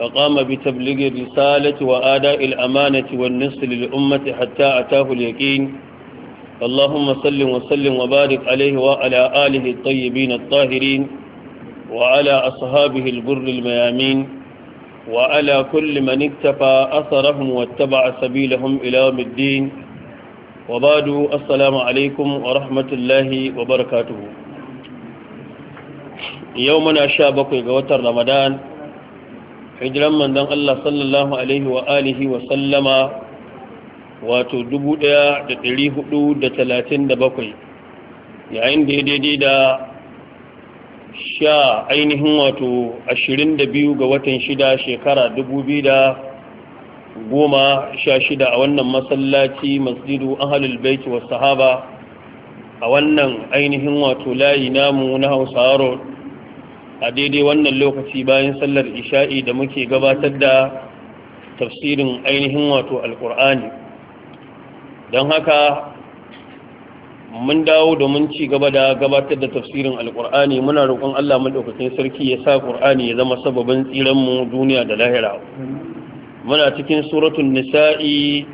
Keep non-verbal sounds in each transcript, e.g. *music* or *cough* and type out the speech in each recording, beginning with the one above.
فقام بتبليغ الرسالة وآداء الأمانة والنصر للأمة حتى أتاه اليقين اللهم صل وسلم وبارك عليه وعلى آله الطيبين الطاهرين وعلى أصحابه البر الميامين وعلى كل من اكتفى أثرهم واتبع سبيلهم إلى يوم الدين وبعد السلام عليكم ورحمة الله وبركاته يومنا شابك وتر رمضان hijiran manzon Allah sallallahu alaihi wa alihi wa sallama wato 1437 yayin da ya daidai da sha ainihin wato 22 ga watan shida shekara 2016 a wannan masallaci masjidu ahlul bait wa sahaba a wannan ainihin wato layi namu na Hausa a daidai wannan lokaci bayan sallar isha'i da muke gabatar da tafsirin ainihin wato alkur'ani don haka mun dawo da mun ci gaba da gabatar da tafsirin Alƙur'ani, muna roƙon allah maɗaukacin sarki ya sa ƙur'ani ya zama sababin tsiranmu duniya da lahira muna cikin suratun nisa'i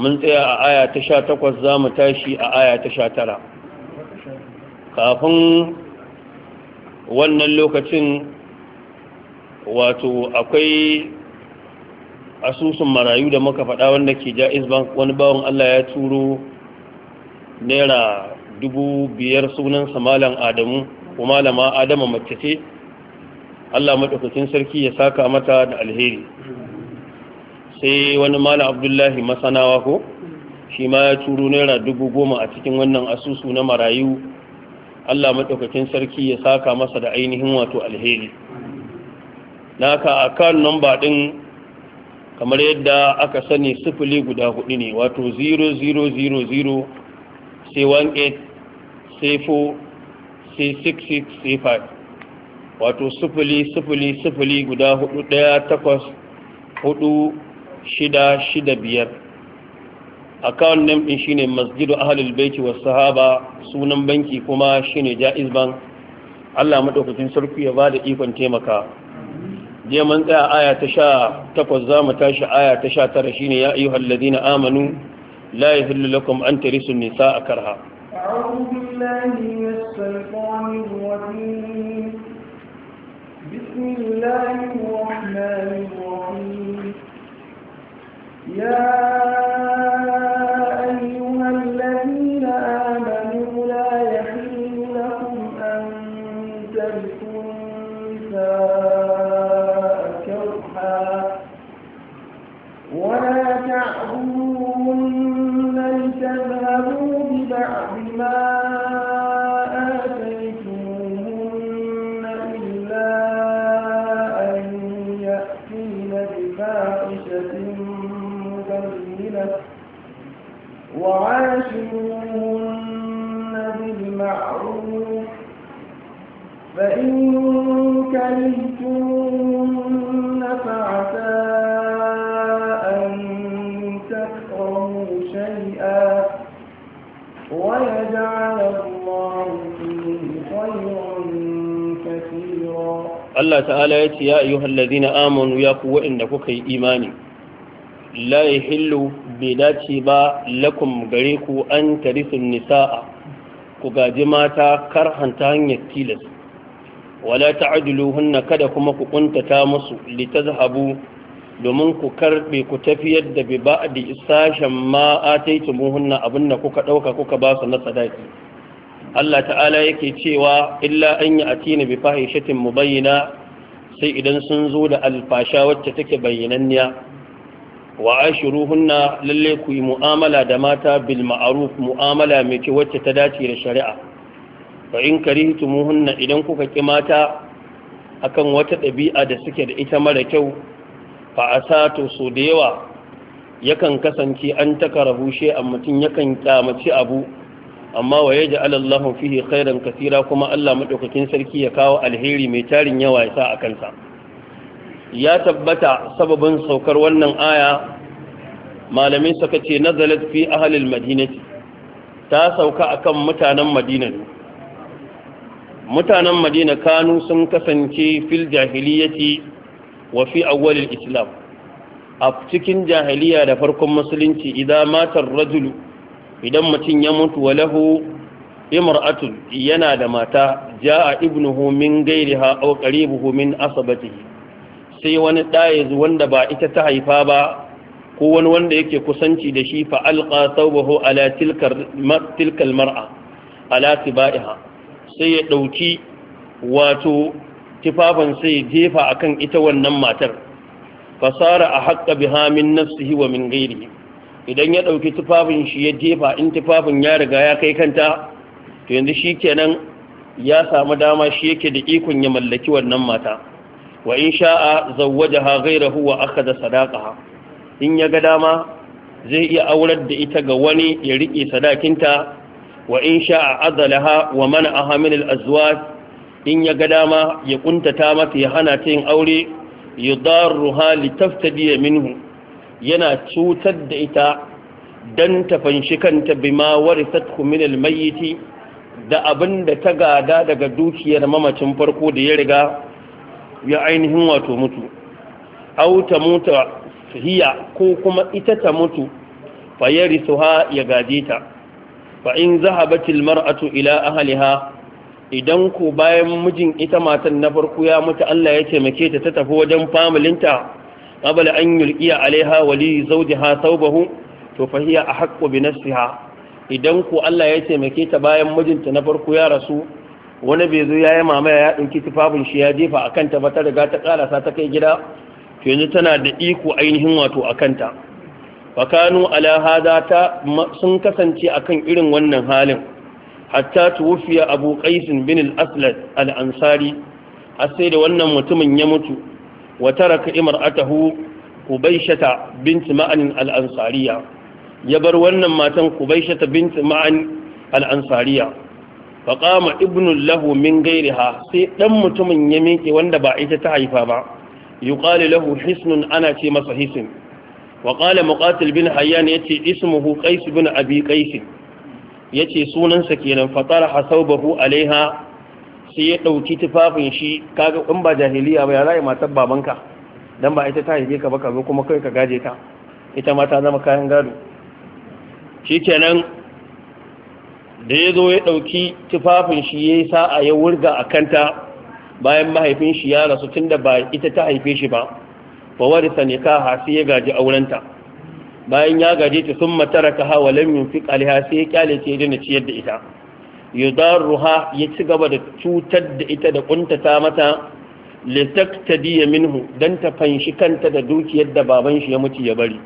mun tsaya a aya ta sha takwas za mu tashi a aya ta sha tara kafin wannan lokacin wato akwai asusun marayu da muka faɗa wanda ke ja'iz wani bawan Allah ya turo naira dubu biyar sunan samalan adamu ko malama adama mace ce Allah maɗaukakin sarki ya saka mata da alheri sai wani malam abdullahi masanawa ko shi ma ya turo naira dubu goma a cikin wannan asusu na marayu Allah maɗaukakin sarki ya saka masa da ainihin wato alheri naka akan namba ɗin kamar yadda aka sani sifili guda hudu ne wato 0000 sai 18 sai 4 sai 66 sai 5 wato sifili sifili sifili guda hudu ɗaya takwas hudu shida shida biyar account name din shine masjidu ahlul baiti wa sahaba sunan banki kuma shine jaiz bank Allah madaukakin sarki ya bada ikon taimaka je mun tsaya aya ta za zamu tashi aya ta tara shine ya ayyuhal ladina amanu la yahillu lakum an tarisu nisaa karha a'udhu billahi Allah ta'ala ya ce ya ayyuhal ladina amanu ya ku wa'inda kuka yi imani la yahillu bai dace ba lakum gare ku an tarisun nisa'a ku gaji mata karhanta hanyar tilas wala hunna kada kuma ku kuntata musu litazhabu domin ku karbe ku tafiyar da bi ba'di isashan ma hunna abinda kuka dauka kuka ba su na sadaki Allah ta'ala yake cewa illa an yi atina bi fahishatin mubayyana sai idan sun zo da alfasha wacce take bayyananniya wa ashiruhunna lalle ku yi mu'amala da mata bil ma'ruf mu'amala mai kyau wacce ta dace da shari'a fa in karihtumuhunna idan kuka ki mata akan wata ɗabi'a da suke da ita mara kyau fa asatu su da yawa yakan kasance an taka rahushe, shi a mutum yakan kyamaci abu amma wa yaji alallahu fihi khairan kasira kuma Allah madaukakin sarki ya kawo alheri mai tarin yawa ya sa a kansa ya tabbata sababin saukar wannan aya malamin suka ce nazalat fi ahlil madinati ta sauka akan mutanen madina mutanen madina kanu sun kasance fil jahiliyati wa fi awwalil islam a cikin jahiliya da farkon musulunci idan matar rajulu idan mutum ya mutu wa lahu imra'atun yana da mata ja'a ibnuhu min gairiha aw qaribuhu min asabatihi sai wani ɗaya wanda ba ita ta haifa ba ko wani wanda yake kusanci da shi fa alqa thawbahu ala tilkal mar'a ala tibaiha sai ya ɗauki wato tifafan sai jefa akan ita wannan matar fasara a haƙƙa biha min nafsihi wa min gairihi idan ya ɗauki tufafin shi ya jefa in tufafin ya riga ya kai kanta to yanzu shi kenan ya samu dama shi yake da ikon ya mallaki wannan mata wa in sha'a zawwajaha ghayrahu wa akhadha sadaqaha in ya ga dama zai iya aurar da ita ga wani ya rike sadakinta wa in sha'a adalaha wa mana min al-azwaj in ya ga dama ya kuntata mata ya hana ta yin aure yudarruha litaftadiya minhu yana cutar da ita dan ta fanshi kanta ma warisatku min almayyiti da abin da ta gada daga dukiyar mamacin farko da ya riga ya ainihin wato mutu au ta muta hiya ko kuma ita ta mutu fa yarisuha ya gaje ta fa in zahabatil mar'atu ila ahliha idan ko bayan mijin ita matan na farko ya mutu Allah ya taimake ta ta tafi wajen familinta qabla an yulqiya alaiha wali zawjiha thawbahu to fa a ahqqu bi idan ku Allah ya taimake ta bayan mijinta na farko ya rasu wani bai zo yayi mamaya ya dauki tufafin shi ya jefa akan ta ba ta riga ta karasa ta kai gida to yanzu tana da iko ainihin wato akan ta fa kanu ala hada ta sun kasance akan irin wannan halin hatta tuwfiya abu qais bin al-aslad al-ansari har sai da wannan mutumin ya mutu wa taraka imra'atahu Kubaishata binti Ma'an al-Ansariya ya bar wannan matan Kubaishata binti Ma'an al-Ansariya fa qama ibnu lahu min ghairiha sai dan mutumin ya miƙe wanda ba a ita ta haifa ba yuqalu lahu hisnun ana ce masa hisn wa qala muqatil bin hayyan yace ismuhu qais bin abi qais yace sunansa kenan fatara hasawbahu alaiha sai ya ɗauki tufafin shi kaga in ba jahiliya ba ya rayu matar babanka don ba ita ta haife ka ba zo kuma kai ka gaje ta ita ma ta zama kayan gado shikenan da ya zo ya ɗauki tufafin shi ya yi sa'a ya wurga a kanta bayan mahaifin shi ya rasu tun da ba ita ta haife shi ba fa warisa nikaha sai ya gaji aurenta bayan ya gaje ta sun matara ka hawa lam fi alaiha sai ya kyale ta ya daina ciyar da ita ruha ya ci gaba da cutar da ita da kuntata mata litaktadiya minhu dan ta fanshi kanta da dukiyar da baban shi ya mutu ya bari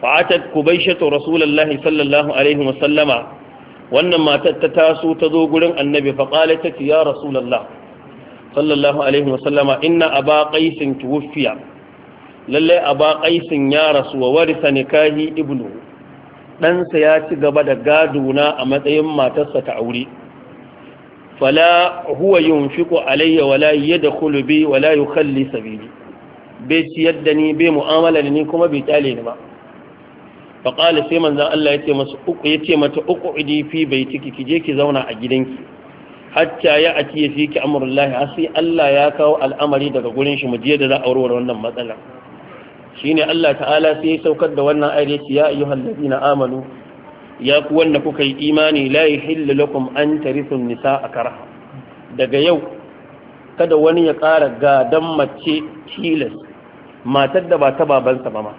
fa'atat kubaishatu rasulullahi sallallahu alaihi wa wannan matar ta taso ta zo gurin annabi fa ta ya rasulullah sallallahu alaihi wa sallama inna aba qaisin tuwfiya lalle aba qaisin ya rasu wa warisa nikahi ibnu ɗansa ya ci gaba da gaduna a matsayin matarsa ta aure fala huwa yunfiqu alayya wala yadkhulu bi wala yukhalli sabili bai ci yadda ni bai mu'amala da ni kuma bai kyale ni ba fa sai manzon Allah yace masa uku yace mata uku idi fi baitiki ki je ki zauna a gidanki hatta ya atiye fiki amrullahi har sai Allah ya kawo al'amari daga gurin shi mu je da za a warware wannan matsalar Shi ne Allah ta'ala sai ya saukar da wannan ayyaci ya yi ayyuhal na amanu ya ku wanda kuka yi imani la yahillu lakum an nisa a karaha daga yau kada wani ya ƙara gadan mace tilas matar da ba ta babansa ba ma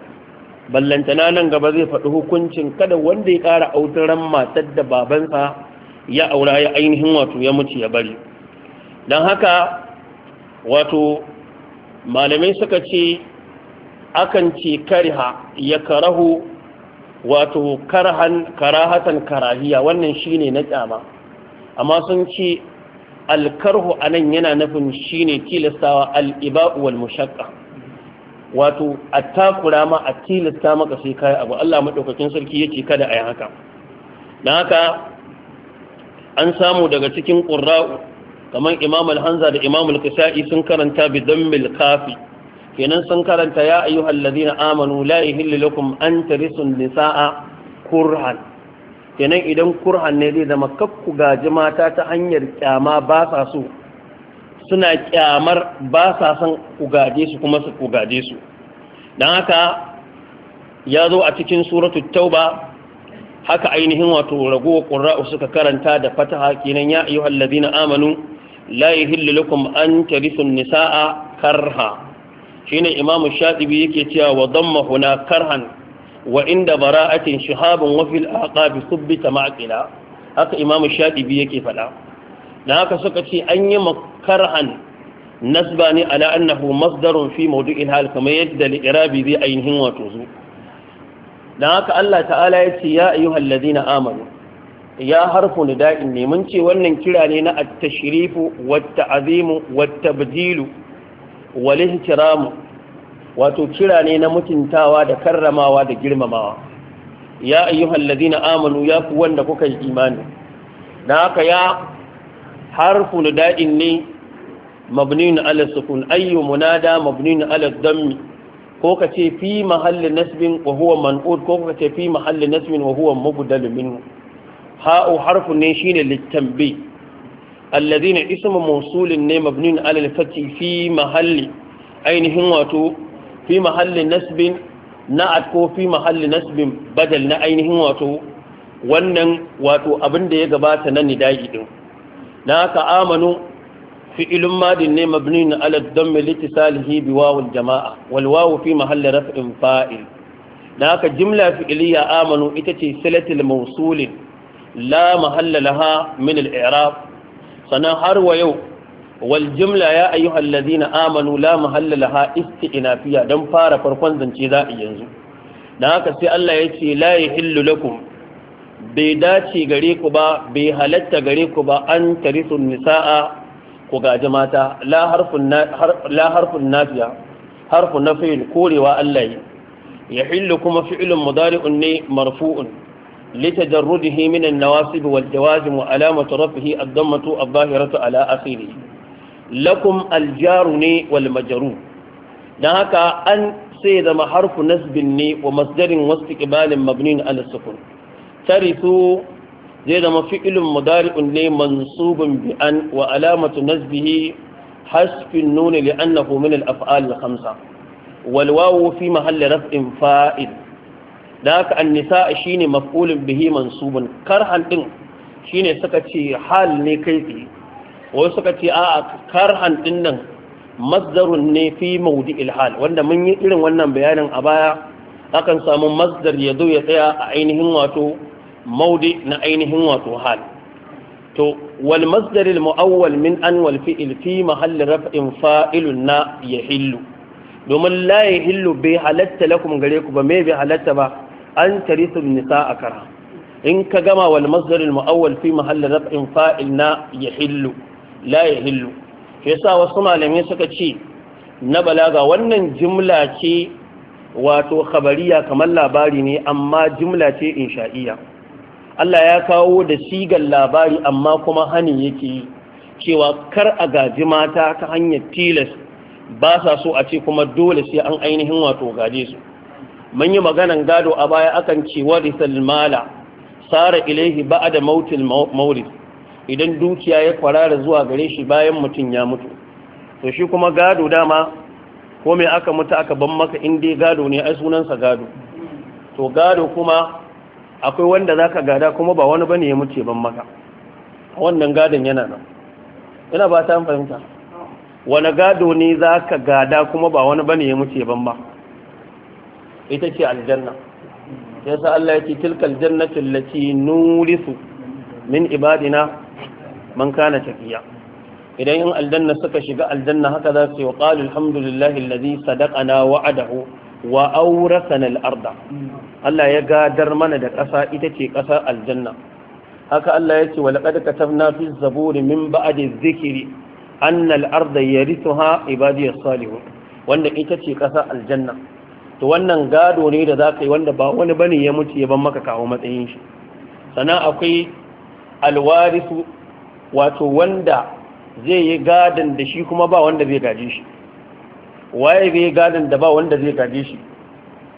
ballantana nan gaba zai faɗi hukuncin kada wanda ya ƙara autaran matar da babansa ya aura ya ainihin wato ya mutu ya bari don haka wato malamai suka ce akan ce kariha ya karahu wato karahatan karahiya wannan shine na kyama amma sun ce alkarhu a nan yana nufin shine tilastawa al’iba’u wal mushaƙa wato a takura ma a tilasta maka sai kayi abu Allah maɗaukakin sarki yake kada a yi haka na haka an samu daga cikin ƙura'u kamar Imam al-Hanza da Imam al sun karanta bi dammil kafi kenan sun karanta ya ayyuhal allazina amanu la yahillu lakum an tarisu nisaa qur'an kenan idan qur'an ne zai zama kakku gaji mata ta hanyar kyama ba sa so suna kyamar ba sa son ku gaje su kuma su ku gaje su dan haka ya zo a cikin suratu tauba haka ainihin wato rago ƙura'u suka karanta da fataha kenan ya ayyuhal allazina amanu la yahillu lakum an tarisu nisaa karha shine imam Shadibi yake cewa wa damma huna karhan wa inda bara'atin shihabun wa fil aqabi subbita ma'qila haka imam Shadibi yake fada dan haka suka ce an yi makarhan nasba ne ala annahu masdarun fi mawdu'il hal kamar yadda al-irabi zai ainihin wato zu dan haka Allah ta'ala ya ce ya ayyuhal ladina amanu ya harfu nida'in ne mun ce wannan kira ne na at-tashrifu wat-ta'zimu wat-tabdilu wale kiramu wato kira ne na mutuntawa da karramawa da girmamawa ya ayyuhal ladina amanu ya ku wanda kuka yi imani dan haka ya harfu nada'in ne mabnin ala sukun ayyu munada mabnin ala dammi ko ka fi mahallin nasbin wa huwa man'ud ko ka ce fi mahallin nasbin wa huwa mubdal min ha'u harfu ne shine litanbi allazina ismu mawsulin ne mabnin alal fati fi mahalli ainihin wato fi mahalli nasbin na'at ko fi mahalli nasbin badal na ainihin wato wannan wato abinda ya gabata na nidaji din na ka amanu fi'ilun madin ne mabnin ala dammi litisalihi bi wawul jama'a wal wawu fi mahalli raf'in fa'il na ka jimla fi'iliya amanu ita ce silatul mawsulin la mahalla laha min al-i'rab sannan har wa yau wal jumla ya ayyuhal ladina amanu la mahalla laha isti'nafiya dan fara farkon zance za a yanzu dan haka sai Allah ya ce la yahillu lakum bai dace gare ku ba bai halatta gare ku ba an tarisun nisa'a ku gaji mata la harfun nafiya harfun na fi'il korewa Allah ya yahillu kuma fi'ilun mudari'un ne marfu'un لتجرده من النواسب والجوازم وعلامة رفعه الضمة الظاهرة على أخيره لكم الجار ني والمجرور نهك أن سيد ما حرف نسب ني ومصدر واستقبال مبني على السكون ترثوا زيد ما فعل مضارع ني منصوب بأن وعلامة نسبه حذف النون لأنه من الأفعال الخمسة والواو في محل رفع فائل da haka annisa shine maf'ulin bihi mansubun karhan din shine suka ce hal ne kai tsaye wai suka ce a karhan din nan masdarun ne fi maudi ilhal. wanda mun yi irin wannan bayanin a baya akan samu masdar ya zo ya tsaya a ainihin wato maudi na ainihin wato hal to wal masdar al muawwal min an wal fi'il fi mahall raf'in fa'ilun na yahillu domin la yahillu bai halatta lakum gare ku ba me bai halatta ba an tarisu nisa a kara in ka gama wal mazdarin mu'awwal fi mahallin raf'in fa'il na yahillu la yahillu shi yasa wasu malamai suka ce na balaga wannan jimla ce wato khabariya kamar labari ne amma jimla ce insha'iyya Allah ya kawo da sigar labari amma kuma hani yake yi cewa kar a gaji mata ta hanyar tilas ba sa so a ce kuma dole sai an ainihin wato gaje su mun yi maganan gado a baya akan ce risal mala sara ilaihi ba'da mautil mawrid idan dukiya ya kwarara zuwa gare shi bayan mutum ya mutu to shi kuma gado dama ko me aka mutu aka ban maka in dai gado ne ai sunansa gado to gado kuma akwai wanda zaka gada kuma ba wani bane ya mutu ban maka wannan gadon yana nan ina ba ta fahimta wani gado ne zaka gada kuma ba wani bane ya mutu ban maka ita ce aljanna yasa Allah ce tilkal jannatu allati nurisu min ibadina man kana taqiya idan in aljanna suka shiga aljanna haka za su yi wa qalu alhamdulillahi alladhi sadaqana wa'adahu wa awrasana al-arda Allah ya gadar mana da ƙasa ita ce ƙasa aljanna haka Allah ya ce wa laqad katabna fi zaburi min ba'di dhikri anna al-arda yarithuha ibadiyas salihun wannan ita ce ƙasar aljanna to wannan gado ne da za ka yi wanda ba wani bane ya mutu ya ban maka kawo matsayin shi sannan akwai alwarisu wato wanda zai yi gadon da shi kuma ba wanda zai gaje shi waye zai gadon da ba wanda zai gaje shi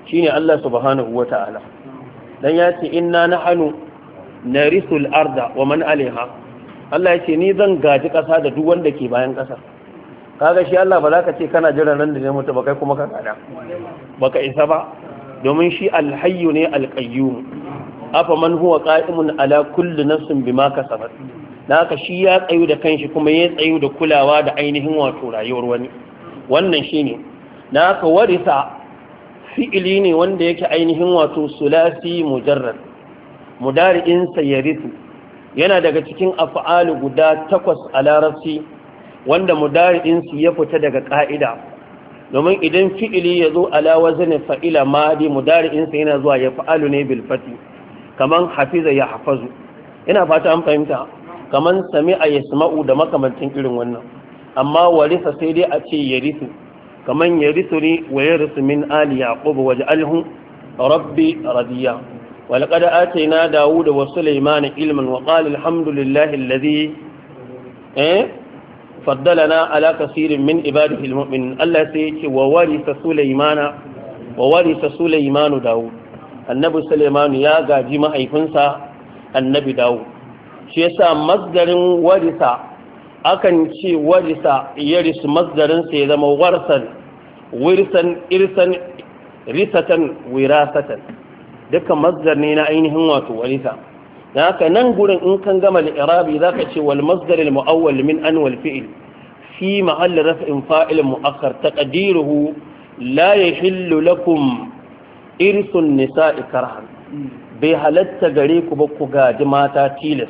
shine Allah subhanahu wata'ala dan ya ce inna nahnu narisul arda wa man alaiha Allah ya ce ni zan gaji ƙasa da duk wanda ke bayan ƙasa kaga shi Allah ba za ka ce kana jira nan da zai mutu ba kai kuma ka ba ka isa ba domin shi alhayyu ne alqayyum afa man huwa qa'imun ala kulli nafsin bima kasabat naka shi ya tsayu da kanshi kuma ya tsayu da kulawa da ainihin wato rayuwar wani wannan shine naka warisa fi'ili ne wanda yake ainihin wato sulasi mujarrad mudari'in sayaritu yana daga cikin af'alu guda takwas a larabci wanda mudari'insu ya fita daga ƙa'ida domin idan fi'ili ya zo ala wazin fa'ila madi mudari'insa yana zuwa ya fa'alu ne bil kamar hafiza ya hafazu ina fata an fahimta kaman sami'a yasma'u da makamancin irin wannan amma warisa sai dai a ce kamar ya risu ne wa yarisu min ali yaqub waj'alhu rabbi radiya ولقد آتينا داود وسليمان علما وقال الحمد لله الذي إيه faddalana ala kasirin min ibadihi almu'minin Allah sai yake wa warisa sulaimana wa warisa sulaimanu daud annabi sulaiman ya gaji mahaifinsa annabi daud shi yasa masdarin warisa akan ce warisa yaris masdarin sa ya zama warsan wirsan irsan risatan wirasatan duka masdar ne na ainihin wato warisa da haka nan gurin in kan gama li'irabi za ka ce wal masdar al-mu'awwal min an wal fi'il fi mahall raf'in fa'il mu'akhkhar taqdiruhu la yahillu lakum irsun nisa'i karhan bai halatta gare ku ba ku gaji mata tilas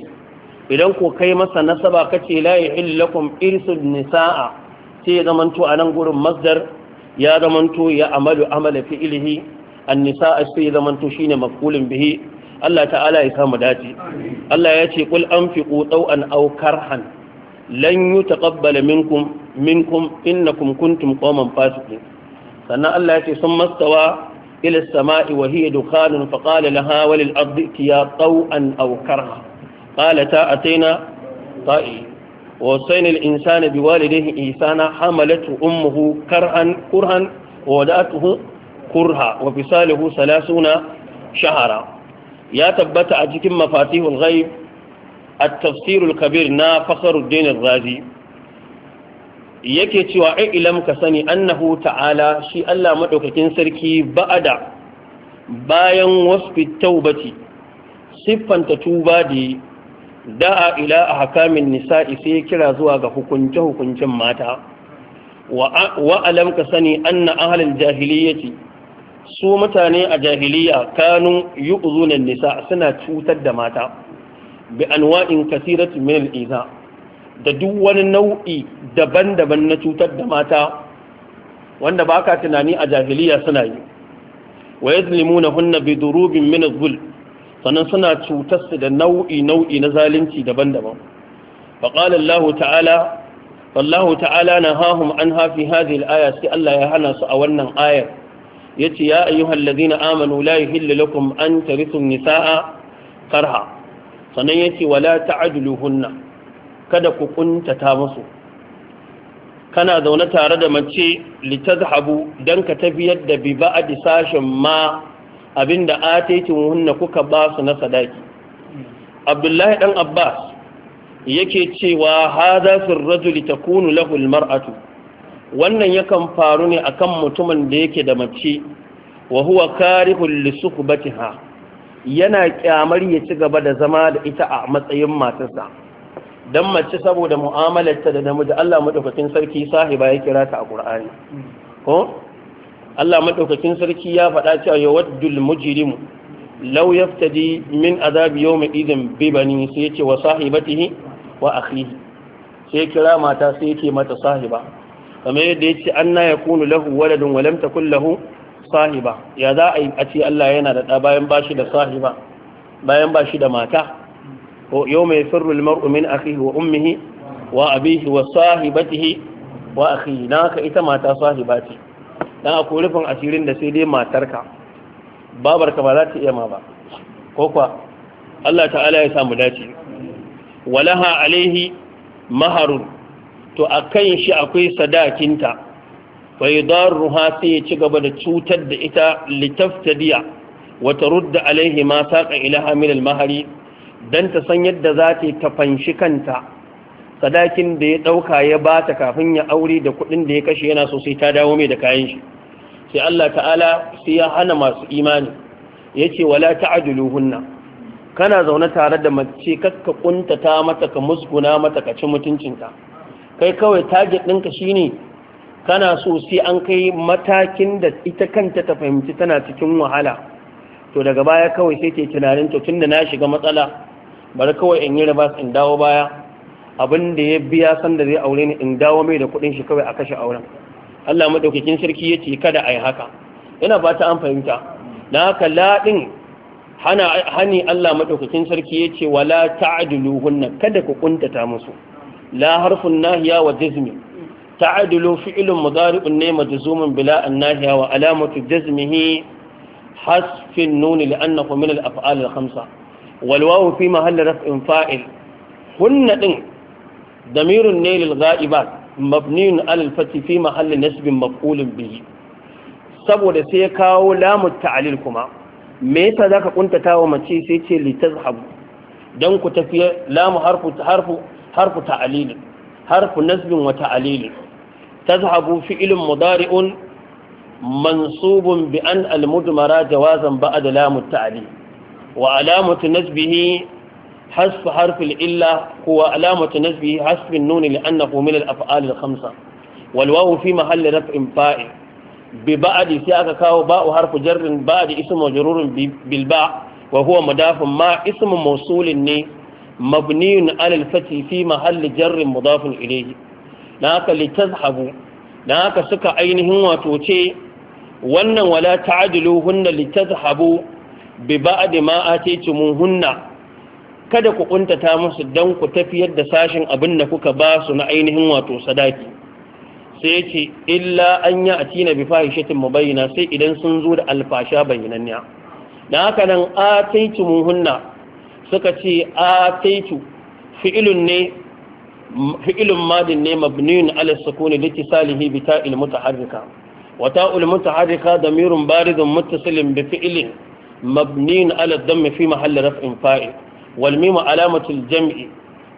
idan ku kai masa nasaba kace la yahillu lakum irsun nisa'a sai ya zamanto a nan gurin masdar ya zamanto ya amalu amala fi'ilihi an nisa'a sai ya zamanto shine maf'ulun bihi Allah ta'ala ya samu dace Allah ya ce qul anfiqu taw'an aw karhan lan yutaqabbala minkum minkum innakum kuntum qauman fasiqin sannan Allah ya ce sun mastawa ila as-sama'i wa hiya dukhanun fa qala laha wa lil ardi tiya taw'an aw karha qalata ataina ta'i ووصينا الإنسان بوالده إيسانا حملته أمه كرها كرها وودأته كرها وفصاله ثلاثون shahara. ya tabbata a cikin mafatihul ghaib at-tafsir kabir na Fakhruddin al-Razi yake cewa ai ilam ka sani annahu ta'ala shi Allah madaukakin sarki ba'ada bayan wasfi taubati siffanta tuba da da'a ila ahkamin nisa'i sai kira zuwa ga hukunce hukuncin mata wa alam ka sani anna ahlul jahiliyyati su mutane a jahiliya kanu yu'zuna nisa suna cutar da mata bi anwa'in kasiratu min al da duk wani nau'i daban-daban na cutar da mata wanda baka tunani a jahiliya suna yi wa yazlimunahunna bi durubin min adh sannan suna cutar su da nau'i nau'i na zalunci daban-daban fa qala Allah ta'ala na ta'ala an hafi fi hadhihi al-aya sai Allah ya hana su a wannan ayar yace ya ayyuhal ladina amanu la yuhillu lakum an tarithu nisaa karha sannan yace wala ta'adluhunna kada ku kuntata musu kana zaune tare da mace litazhabu dan ka tafiyar da bi ba'di sashin ma abinda ataitin hunna kuka ba su na sadaki abdullahi dan abbas yake cewa hadha sirrajuli takunu lahu almar'atu wannan yakan faru ne akan mutumin da yake da mace wa huwa karihul li suhbatiha yana kyamar ya ci gaba da zama da ita a matsayin matarsa dan mace saboda mu'amalarta da namiji Allah madaukakin sarki sahiba ya kira ta a Qur'ani ko Allah madaukakin sarki ya faɗa cewa yawaddul mujrimu law yaftadi min azab yawmi idin bi bani sai ce wa sahibatihi wa akhihi sai kira mata sai ya ce mata sahiba kamar yadda ya ce an na ya kunu lahu waladun walam ta lahu sahiba ya za a yi a ce Allah yana da ɗa bayan ba shi da sahiba bayan ba shi da mata ko yau mai firru mar'u min akhihi wa ummihi wa abihi wa sahibatihi wa akhihi dan haka ita mata sahiba ce dan akwai rufin asirin da sai dai matarka babarka ba za ta iya ma ba ko kuwa Allah ta'ala ya samu dace walaha alaihi maharun to a kan shi akwai sadakinta bai ruha sai ya ci gaba da cutar da ita litaftadiya wata rudda alaihi ma saƙan ilaha min mahari don ta san yadda za ta ta fanshi kanta sadakin da ya ɗauka ya ba ta kafin ya aure da kuɗin da ya kashe yana so sai ta dawo mai da kayan shi sai Allah ta'ala sai ya hana masu imani ya ce wala ta'aduluhunna kana zaune tare da mace kakka kuntata mata ka musguna mata ka ci mutuncinta kai kawai target ɗinka shi ne kana so sai an kai matakin da ita kanta ta fahimci tana cikin wahala to daga baya kawai sai ke tunanin to tunda na shiga matsala bari kawai in yi rabas in dawo baya abin da ya biya san da zai aure ni in dawo mai da kuɗin shi kawai a kashe auren Allah madaukakin sarki ya ce kada a yi haka ina ba ta an fahimta na haka laɗin hani Allah madaukakin sarki ya ce wala hunna kada ku kuntata musu la harfun nahiya wa jazmi ta'adilu fi'lun mudari'un ne majzumun bila an nahiya wa alamatu jazmihi hasfin nuni li'annahu min al-af'al al-khamsa wal wawu fi mahalli raf'in fa'il hunna din damirun ne lil gha'ibat mabniyun alal fati fi mahalli nasbin maf'ulun bihi saboda sai ya kawo lamu ta'alil kuma me yasa zaka kuntata wa mace sai ce li dan ku tafi lamu harfu harfu harfu ta'alil harfu nasbin wa ta'alil tazhabu fi'lun mudari'un mansubun bi an al-mudmara jawazan ba'da lam at-ta'lil wa alamatu nasbihi حذف حرف الإلا هو علامة نسبه حذف النون لأنه من الأفعال الخمسة والواو في محل رفع فاعل ببعد سياق كاو باء حرف جر بعد اسم مجرور بالباء وهو مضاف ما اسم موصول ني mabniyun alal fati fi mahalli jarrin mudafin ilayhi na haka litazhabu na haka suka ainihin wato ce wannan wala ta'adilu hunna litazhabu bi ba'di ma mun hunna kada ku kuntata musu dan ku tafiyar da sashin abin da kuka ba su na ainihin wato sadaki sai ce illa an a atina bi fahishatin mubayyana sai idan sun zo da alfasha bayyananniya na haka nan mun hunna suka ce a ataitu fi'ilun ne fi'ilun madin ne mabniyun ala sukuni litisalihi bi ta'il mutaharrika wa ta'ul mutaharrika damirun baridun muttasilin bi fi'ilin mabniyun ala dhamm fi mahalli raf'in fa'il wal mim alamatu al jam'i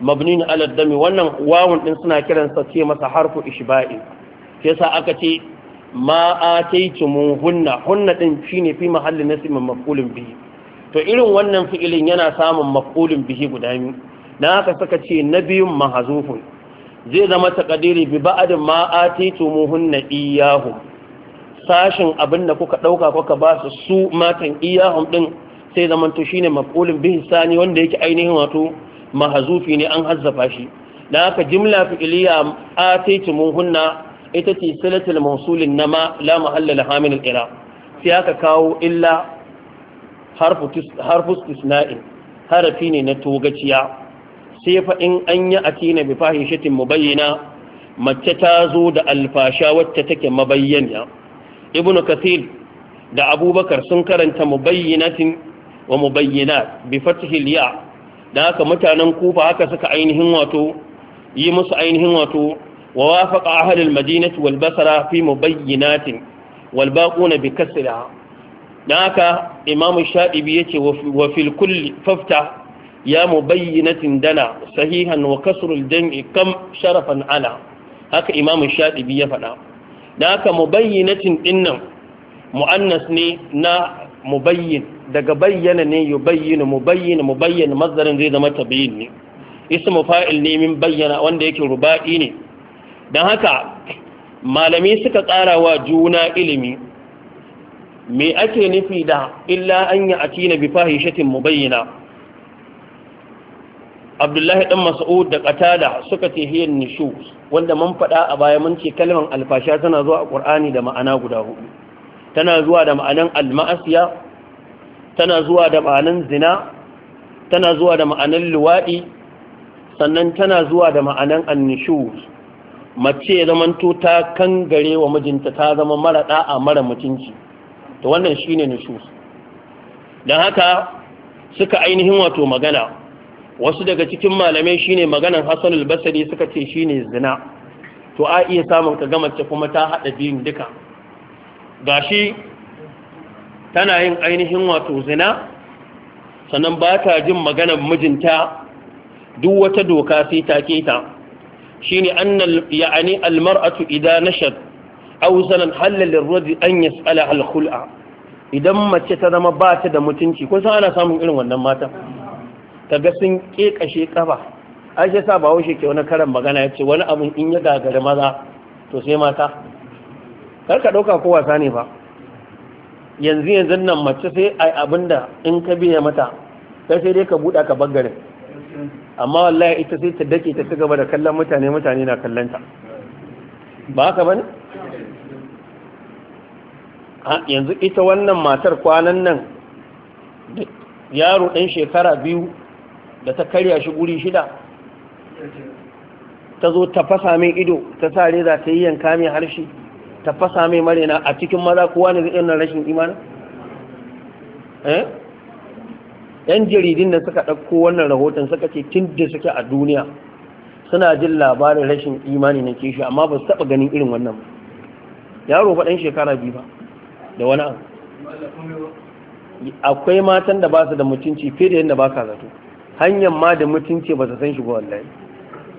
mabniyun ala dhamm wannan wawun din suna kiransa ce masa harfu ishba'i sa aka ce ma ataitu mun hunna hunna din shine fi mahalli nasibin maf'ulun bihi to irin wannan fi'ilin yana samun maf'ulin bihi guda biyu dan haka suka ce na biyun mahazufun zai zama taqdiri bi ba'adin ma atitumuhunna iyyahum sashin abin da kuka dauka kuka ba su su matan iyahum din sai zaman to shine maf'ulin bihi sani wanda yake ainihin wato mahazufi ne an hazzafa shi dan haka jimla fi'iliya atitumuhunna ita ce silatul mawsulin na ma la mahalla la hamil al-ira sai aka kawo illa harfu istisna'in harafi ne na togaciya sai fa in an yi atina bi fahishatin bayyana mace ta zo da alfasha wacce take mabayyana ibnu kathir da abubakar sun karanta mubayyinatin wa mubayyinat bi fathil ya da haka mutanen kufa haka suka ainihin wato yi musu ainihin wato wa wafaqa ahlul madinati wal basra fi mubayyinatin wal baquna bi kasriha don haka imamu shaɗibi ya ce wa fil kulli fafta ya mu dana sahihan wa kasrul jam'i kam sharafan Allah. haka imamu shaɗibi ya faɗa don haka mu bayyanatin dinnan mu'annas ne na mubayyin daga bayyana ne ya bayyana mubayyin mubayyin mazarin zai zama tabiyin ne ismu fa'il ne min bayyana wanda yake ruba'i ne dan haka malami suka tsara wa juna ilimi me ake nufi da illa an yi atina bi fahishatin mubayyana abdullahi dan mas'ud da qatada suka ce hiyan nishu wanda mun faɗa a baya mun ce kalmar alfasha tana zuwa a qur'ani da ma'ana guda hudu tana zuwa da ma'anan alma'asiya tana zuwa da ma'anan zina tana zuwa da ma'anan luwadi sannan tana zuwa da ma'anan annishu mace zamanto ta kangare wa mijinta ta zama mara da'a mara mutunci to wannan shine nusus dan haka suka ainihin wato magana wasu daga cikin malamai shine maganan Hassan al suka ce shine zina to a iya samun ka gama ce kuma ta haɗa biyun duka gashi tana yin ainihin wato zina sannan ba ta jin maganar mijinta duk wata doka sai ta Shi ne annal ya'ani al idan nashat auzanan halalin rudi an yi tsala alkhul'a idan mace ta zama ba ta da mutunci kun san ana samun irin wannan mata ta ga sun kashe kafa an shi sa ba haushe ke wani karan magana ya ce wani abu in ya gagari maza to sai mata kar ka ɗauka ko wasa ne ba yanzu yanzu nan mace sai ai abin in ka biya mata sai sai dai ka buɗa ka bangare amma wallahi ita sai ta dake ta ci gaba da kallon mutane mutane na kallon ta ba haka bane yanzu ita wannan matar kwanan nan yaro ɗan shekara biyu da ta karya shi guri shida ta zo ta fasa mai ido ta sa reza ta yi yanka mai harshe ta fasa mai marina a cikin maza kowa ne zai rashin imanin eh? yan jaridin da suka ɗauko wannan rahoton suka ce tun da suke a duniya suna jin labarin rashin imani na kishi amma ba su taɓa ganin irin wannan ba. yaro faɗin shekara biyu ba da wani abu akwai matan da ba su da mutunci fiye da yadda ba ka zato hanyar ma da mutunci ba su san shigo wallahi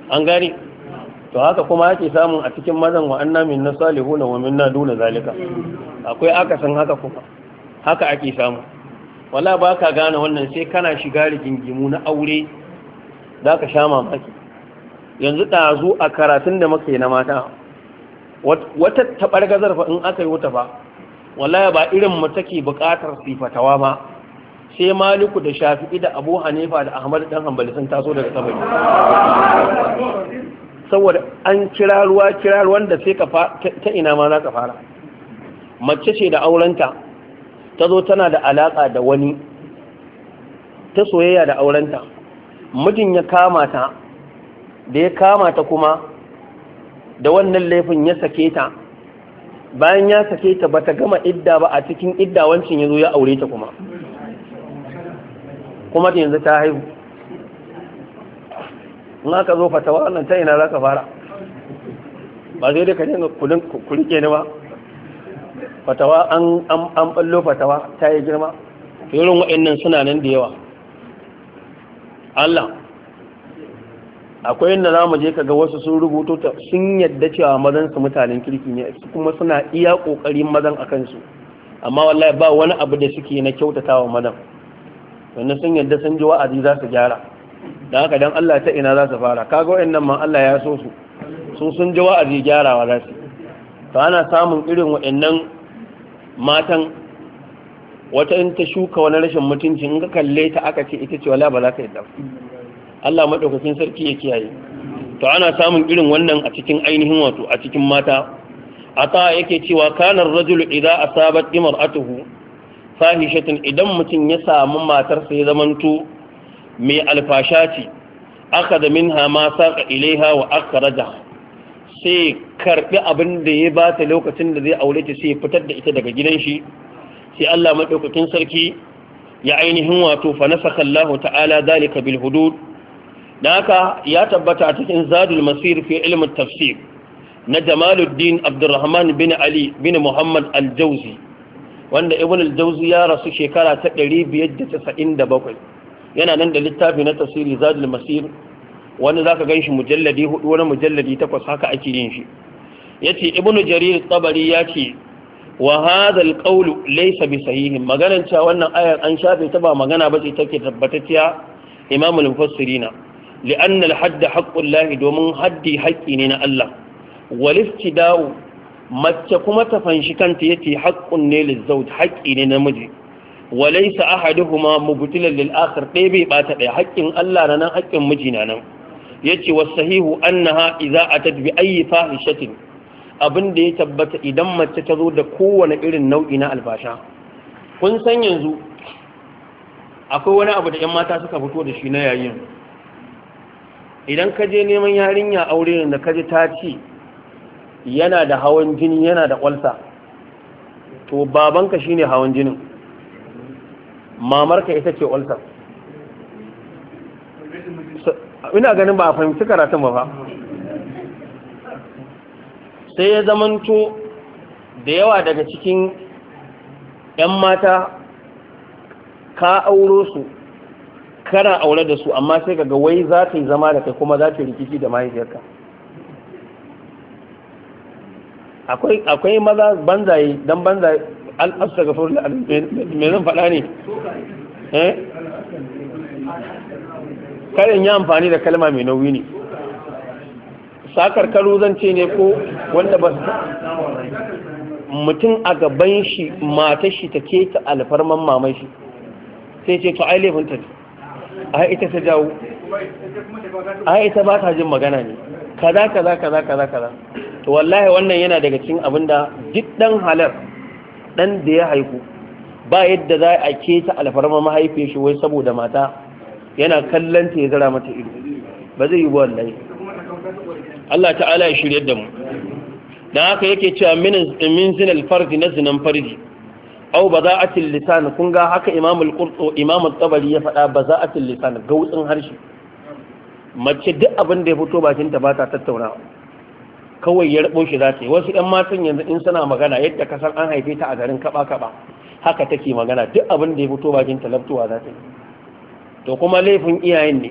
an gane to haka kuma ake samun a cikin mazan wa anna min na Salihu wa min na duna zalika akwai akasin haka kuma haka ake samu wala ba ka gane wannan sai kana shiga rigingimu na aure za ka sha mamaki yanzu ɗazu a karatun da muke na mata wata taɓar gazar fa in aka yi wuta fa wallahi ba irin mu take buƙatar sifatawa ba sai maliku da shafi'i da abu hanifa da ahmad dan hanbali sun taso daga sabai saboda an kira ruwa kira ruwan da sai ta ina ma za ka fara mace ce da aurenta ta zo tana da alaƙa da wani ta soyayya da aurenta mijin ya kama ta da ya kama ta kuma da wannan laifin ya sake ta bayan ya sake ta bata gama idda ba a cikin idda wancin ya zo ya aure ta kuma kuma ta yanzu ta haihu in aka zo fatawa wannan ta ina za ka fara ba zai da ka dinga kulike ni ba fatawa an an ballo fatawa ta yi girma irin wa'annan suna nan da yawa Allah akwai yadda za mu je ga wasu sun rubuto ta sun yadda cewa mazan su mutanen kirki ne kuma suna iya kokarin mazan a kansu amma wallahi ba wani abu da suke na kyautatawa mazan wannan sun yadda sun ji wa'azi za su gyara Da haka dan Allah ta ina za su fara kaga nan ma Allah ya so su su sun ji wa'azi gyarawa za su to ana samun irin wayannan matan wata in ta shuka wani rashin mutunci in ka kalle ta aka ce ita ce wala ba za ka yadda Allah maɗaukakin sarki ya kiyaye to ana samun irin wannan a cikin ainihin wato a cikin mata ata yake cewa kanar rajulu idza asabat imra'atuhu fahishatin idan mutum ya samu matarsa ya zamanto mai alfasha ce aka da minha ma saqa ilaiha wa akhraja sai karbi abin da ya bata lokacin da zai aure ta sai fitar da ita daga gidan shi sai Allah madaukakin sarki ya ainihin wato fa nasakha Allah ta'ala dalika bil hudud dan haka ya tabbata a cikin zadul masir fi ilmin tafsir na jamaluddin abdurrahman bin ali bin muhammad Aljauzi, wanda ibn Aljauzi ya rasu shekara ta 597 yana nan da littafi na tafsiri zadul masir wani zaka ganshi mujalladi hudu wani mujalladi takwas haka ake yin shi yace ibn jarir tabari yace wa hadha al laysa bi sahihin maganar cewa wannan ayar an shafe ta ba magana bace take tabbatacciya imamul mufassirina li'anna hadda, hadd haqqullahi domin haddi haƙƙi ne na Allah wal iftidaw mace kuma ta fanshi kanta yace haqqun ne lizawj haƙƙi ne namiji walaysa ahaduhuma mubtilan lil akhar dai bai bata ɗaya, haƙƙin Allah na nan haƙƙin miji na nan yace wasahihu annaha idza atat bi ayyi fahishatin abin da ya tabbata idan mace ta zo da kowane irin nau'i na albasha kun san yanzu akwai wani abu da 'yan mata suka fito da shi na yayin idan ka je neman yarinya aure da ka ji ta ci yana da hawan jini yana da ƙwalsa to babanka shi ne hawan jinin mamarka ita ce ƙwalsa ina ganin ba a fahimci karatun ba fa sai ya zamanto da yawa daga cikin 'yan mata ka auro su kana aure da su amma sai kaga wai za ta yi zama da kai kuma za ta rikici da mahaifiyarka akwai akwai maza banzaye dan banzaye al astaghfir me zan faɗa ne eh karin ya amfani da kalma mai nauyi ne sakar karo zan ce ne ko wanda ba mutum a gaban shi mata shi ta ta alfarman maman shi sai ce to ai laifin ta a ita ta jawo a ita ba ta jin magana ne kaza kaza kaza kaza kaza to wallahi wannan yana daga cikin abin da duk halar dan da ya haiku ba yadda za a keta alfarma mahaifiyar shi wai saboda mata yana kallon ta ya zara mata ido ba zai yi ba wallahi Allah ta'ala ya shiryar da mu dan haka yake cewa min min zinal fardi na zinan farji au ba za a lisan kun ga haka imamul qurtu imamul tabari ya faɗa ba za a lisan gautsin harshe mace duk abin da ya fito bakin ta ba ta tattaunawa kawai ya rabo shi za ta yi wasu ɗan matan yanzu in suna magana yadda ka san an haife ta a garin kaba kaba haka take magana duk abin da ya fito bakin ta laftuwa za ta yi to kuma laifin iyayen ne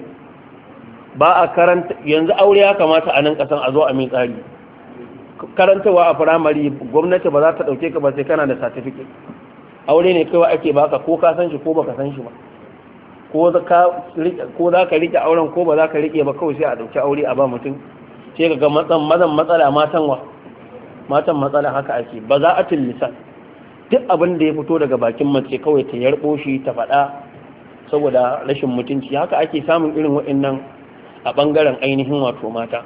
ba a karanta yanzu aure ya kamata a nan kasan a zo a mai tsari karantawa a firamare gwamnati ba za ta ɗauke ka ba sai kana da certificate aure ne kaiwa ake baka ko ka san shi ko baka san shi ba ko za ka rike auren ko ba za ka rike ba kawai sai a ɗauki aure a ba mutum sai ga matsan mazan matsala matan wa matan matsala haka ake ba za a tilisa duk abin da ya fito daga bakin mace kawai ta yarbo shi ta faɗa saboda rashin mutunci haka ake samun irin waɗannan a ɓangaren ainihin wato mata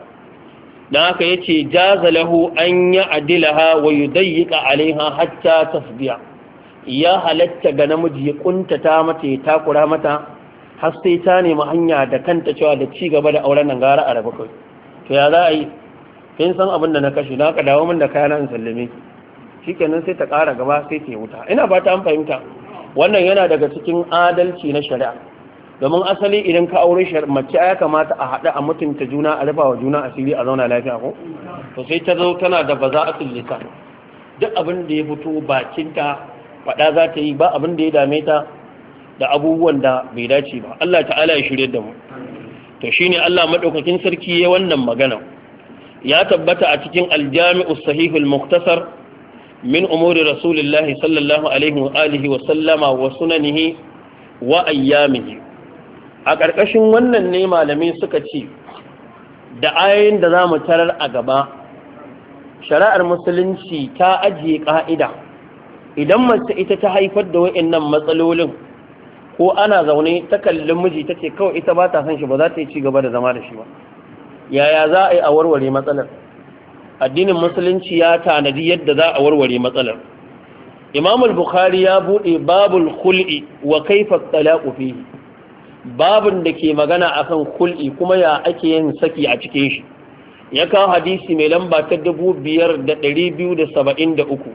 dan haka yace jazalahu an yi adilaha wa yudayyiƙa alaiha hatta tasbiya ya halatta ga namiji ya kuntata mata ya takura mata har sai ta nemi hanya da kanta cewa da ci gaba da auren nan gara a kai to ya za a yi kin san abin da na kashe na ka dawo min da kayana in sallame shikenan sai ta kara gaba sai ta wuta ina fata ta an fahimta wannan yana daga cikin adalci na shari'a domin asali idan ka aure shari'a mace ya kamata a haɗu a mutunta juna a rufa wa juna asiri a zauna lafiya ko to sai ta zo tana da a lisan duk abin da ya fito bakinta faɗa za ta yi ba abin da ya dame ta da abubuwan da bai dace ba Allah ta'ala ya shirye da mu to shine Allah madaukakin sarki ya wannan magana ya tabbata a cikin aljami'us sahihul muktasar min umuri rasulillahi sallallahu alaihi wa alihi wa sallama wa sunanihi wa ayyamihi a ƙarƙashin wannan ne malamai suka ce da ayoyin da za mu tarar a gaba shari'ar musulunci ta ajiye ƙa'ida idan mace ita ta haifar da wa'annan matsalolin ko ana zaune ta kallon miji ta ce kawai ita ba ta san shi ba za ta yi cigaba da zama da shi ba yaya za a yi a warware matsalar addinin musulunci ya tanadi yadda za a warware matsalar Imamul bukhari ya buɗe babul Kul'i wa kaifa talaqu fihi babun da ke magana akan kul'i kuma ya ake yin saki a cikin shi ya kawo hadisi mai lamba ta da da da biyu uku.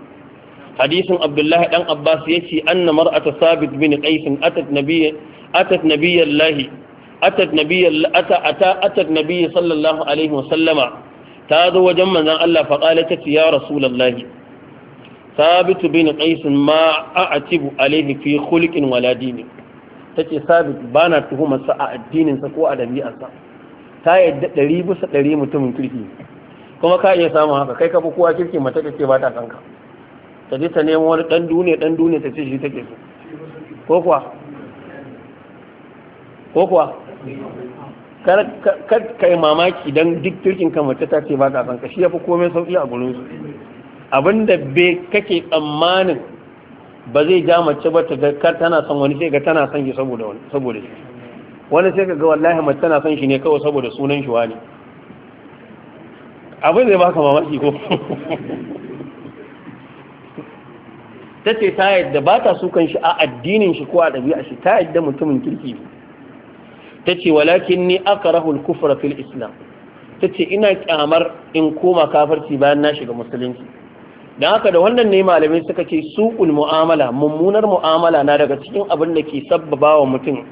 hadisin abdullahi ɗan abbas ce anna mar'ata sabit bin qais ata ata atat sallallahu alaihi wa sallama ta zo wajen mazan Allah fa qalat ta ya rasulullahi sabit bin qais ma a'tibu alaihi fi khulqin wala dini tace sabit bana tuhumar a addinin sa ko a dabi'ar sa ta yadda 100 bisa 100 mutumin kirki kuma ka iya samun haka kai ka fi kirki mata kake ba ta kanka ta je ta nemo wani ɗan dune ɗan dune ta ce shi take so ko kuwa ko kuwa kar ka kai mamaki dan duk turkin kan mace ta ce ba ka san ka shi yafi komai sauki a gurin su abinda be kake tsammanin ba zai ja mace ba ta ga kar tana son wani sai ga tana son shi saboda wani saboda shi wani sai ka ga wallahi mace tana son shi ne kawai saboda sunan shi wani abin zai baka mamaki ko *laughs* ta ce ta yadda ba ta sukan shi a addinin shi ko a ɗabi'a shi ta yadda mutumin kirki ne ta ce walakin ni aka rahul kufra fil islam ta ce ina kyamar in koma kafarci bayan na shiga musulunci don haka da wannan ne malamai suka ce suƙul mu'amala mummunar mu'amala na daga cikin abin da ke sabbaba wa mutum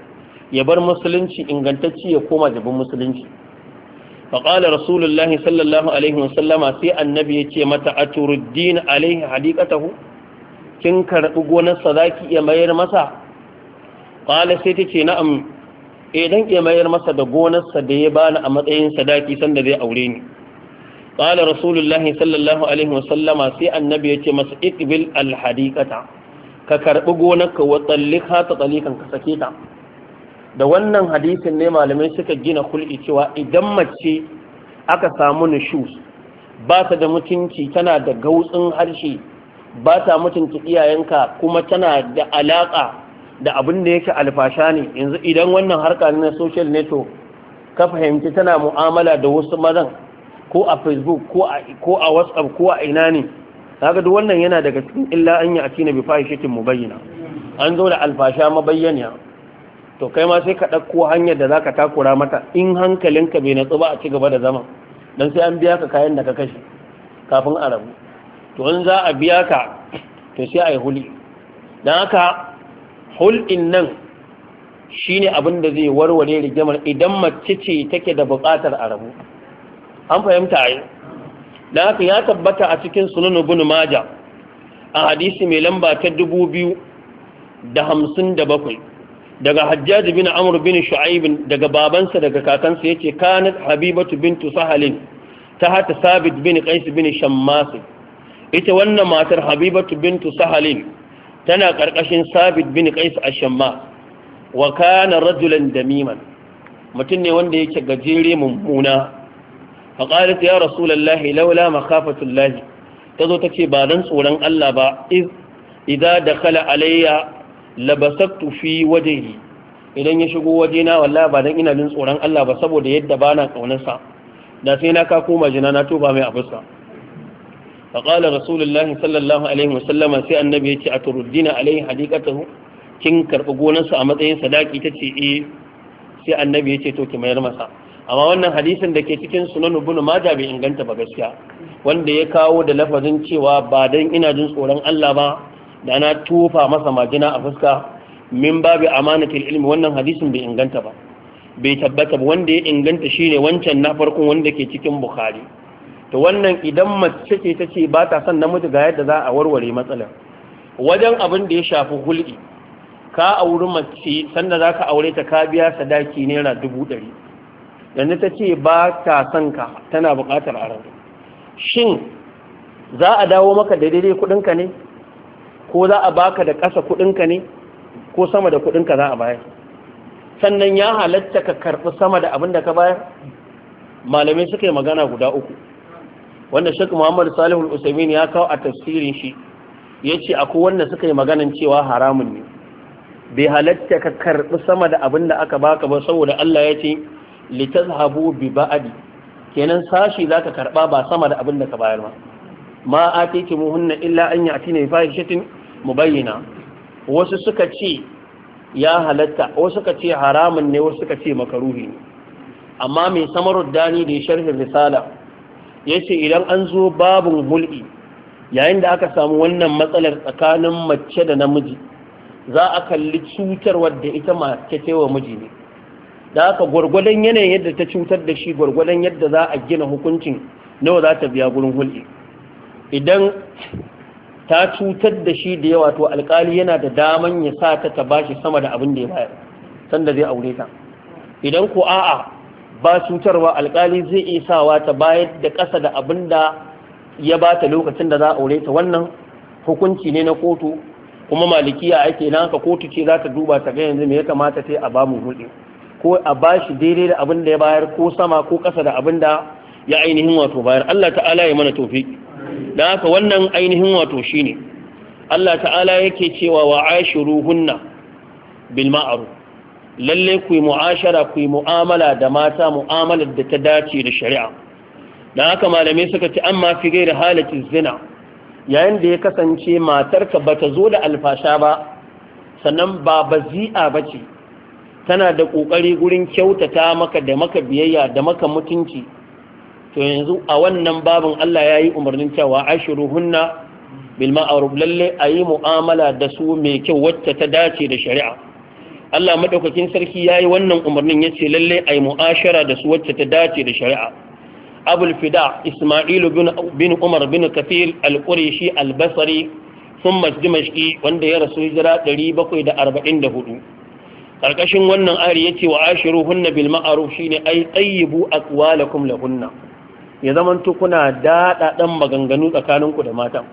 ya bar musulunci ingantacci ya koma jabin musulunci فقال رسول الله صلى الله sai annabi ya ce mata a turuddin عليه حديقته kin karɓi gonarsa za ki iya mayar masa ƙwale sai ta ce na'am idan eh, iya mayar masa da gonarsa da ya bani a matsayin sadaki sanda zai aure ni ƙwale rasulullahi sallallahu alaihi wasallama sai annabi ya ce masa ikbil alhadiƙata ka karɓi gonarka wa tsallika ta tsallikan ka sake ta da wannan hadisin ne malamai suka gina kul'i cewa idan mace aka samu nushus ba ta da mutunci tana da gautsin harshe ba ta mutunta iyayenka kuma tana da alaƙa da abin da yake alfasha ne yanzu idan wannan harka na social network ka fahimci tana mu'amala da wasu mazan ko a facebook ko a whatsapp ko a ina ne kaga duk wannan yana daga cikin illa an yi a cina bi mu bayyana. an zo da alfasha mabayyana to kai ma sai ka ɗauko hanyar da zaka takura mata in hankalinka bai natsu ba a ci gaba da zaman. dan sai an biya ka kayan da ka kashe kafin a rabu to in za a biya ka to sai a yi huli don haka hulɗin nan shi ne abin da zai warware rigimar idan mace ce take da buƙatar a rabu an fahimta a yi don haka ya tabbata a cikin sunan Bun maja a hadisi mai lamba ta dubu biyu da hamsin da bakwai daga hajjaji bin amur bin shu'aibin daga babansa daga kakansa ya ce, kanat habibatu bintu sahalin ta hata sabit bin ƙaisu bin shammasi ita wannan matar habibatu bintu sahalin tana ƙarƙashin sabit bin qais ashamma wa kana rajulan damiman mutum ne wanda yake gajere mummuna fa qalat ya rasulullahi laula makhafatullah tazo tace ba dan tsoron Allah ba idza dakhala alayya labasattu fi wajhi idan ya shigo wajena wallahi ba dan ina jin tsoron Allah ba saboda yadda bana kaunarsa da sai na ka koma jina na to mai abusa فقال رسول الله صلى الله عليه وسلم سي النبي يتي أتردين عليه حديقته kin karɓi gonarsa a matsayin sadaki ta ce eh sai annabi ya ce to ki mayar masa amma wannan hadisin da ke cikin sunan ibn majah bai inganta ba gaskiya wanda ya kawo da lafazin cewa ba dan ina jin tsoron Allah ba da na tufa masa majina a fuska min babu amanatul ilmi wannan hadisin bai inganta ba bai tabbata ba wanda ya inganta shine wancan na farkon wanda ke cikin bukhari to wannan idan mace ce ta ce ba ta son namiji ga yadda za a warware matsalar wajen abin da ya shafi hulɗi ka auri mace sanda za ka aure ta ka biya sadaki naira dubu ɗari yanzu ta ce ba ta son ka tana buƙatar aron shin za a dawo maka da daidai kuɗinka ne ko za a baka da ƙasa kuɗinka ne ko sama da kuɗinka za a bayar sannan ya halatta ka karɓi sama da abin da ka bayar malamai suka yi magana guda uku wanda shek muhammad salihu usaimin ya kawo a tafsirin shi ya ce akwai wanda suka yi maganan cewa haramun ne bai halatta ka karɓi sama da abin da aka baka ba saboda allah ya ce litazhabu bi ba'adi kenan sashi za ka karɓa ba sama da abin da ka bayar ba ma a muhunna illa an yi a tina fahishatin mubayyana wasu suka ce ya halatta wasu suka ce haramun ne wasu suka ce makaruhi ne amma mai samarar dani da ya risala ya ce idan an zo babin hulɗi, yayin da aka samu wannan matsalar tsakanin mace da namiji za a kalli cutar wadda ita mace ce wa miji ne da aka gwargwadon yanayin yadda ta cutar da shi gwargwadon yadda za a gina hukuncin nawa za ta biya gurin hulɗi, idan ta cutar da shi da yawa to alkali yana da daman ya sa ta ta bashi sama da abin da ya bayar sanda zai aure ta idan ko a'a ba cutarwa alkali zai iya sawa ta bayar da ƙasa da abin da ya ba ta lokacin da za a aure ta wannan hukunci ne na kotu kuma malikiya ake na haka kotu ce za ta duba ta ga yanzu me ya kamata sai a ba mu hudu ko a ba shi daidai da abin da ya bayar ko sama ko ƙasa da abin da ya ainihin wato bayar Allah ta'ala ya mana tofiki dan haka wannan ainihin wato shine Allah ta'ala yake cewa wa ashiruhunna bil ma'ruf lalle ku yi mu'ashara ku yi mu'amala da mata mu'amalar da ta dace da shari'a don haka malamai suka ce amma fi gaira halakin zina yayin da ya kasance matarka ba ta zo da alfasha ba sannan ba bazi'a ba ce tana da ƙoƙari gurin kyautata maka da maka biyayya da maka mutunci to yanzu a wannan babin Allah ya yi umarnin cewa ashiruhunna bil ma'ruf lalle yi mu'amala da su mai kyau wacce ta dace da shari'a Allah madaukakin sarki yayi wannan umarnin yace lalle ai mu'ashara da su wacce ta dace da shari'a Abul Fida Isma'il bin Umar bin Kathir al qurayshi al-Basri thumma Dimashqi wanda ya rasu hijira 744 karkashin wannan ari yace wa hunna bil ma'ruf shine ai tayyibu aqwalakum lahunna ya zamanto kuna dada dan maganganu tsakaninku da matan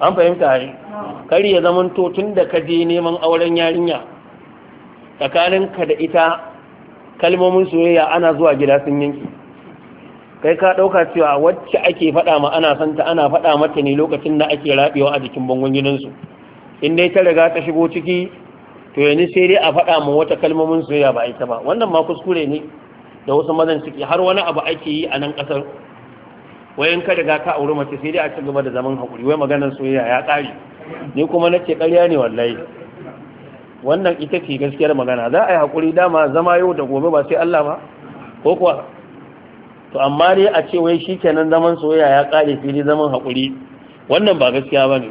an fahimta ai kar ya zamanto tunda ka je neman auren yarinya tsakaninka da ita kalmomin soyayya ana zuwa gida sun yanki kai ka ɗauka cewa wacce ake faɗa ma ana santa ana faɗa mata ne lokacin da ake raɓewa a jikin bangon gidansu in dai ta riga ta shigo ciki to yanzu sai dai a faɗa ma wata kalmomin soyayya ba ita ba wannan ma kuskure ne da wasu mazan ciki har wani abu ake yi a nan ƙasar wayan ka riga ka auri mace sai dai a ci gaba da zaman haƙuri wai maganar soyayya ya ƙare ni kuma nace ƙarya ne wallahi wannan ita ce gaskiyar magana za a yi haƙuri dama zama yau da gobe ba sai Allah ba ko kuwa to amma dai a ce wai shi kenan zaman soyayya ya ƙare fili zaman haƙuri wannan ba gaskiya ba ne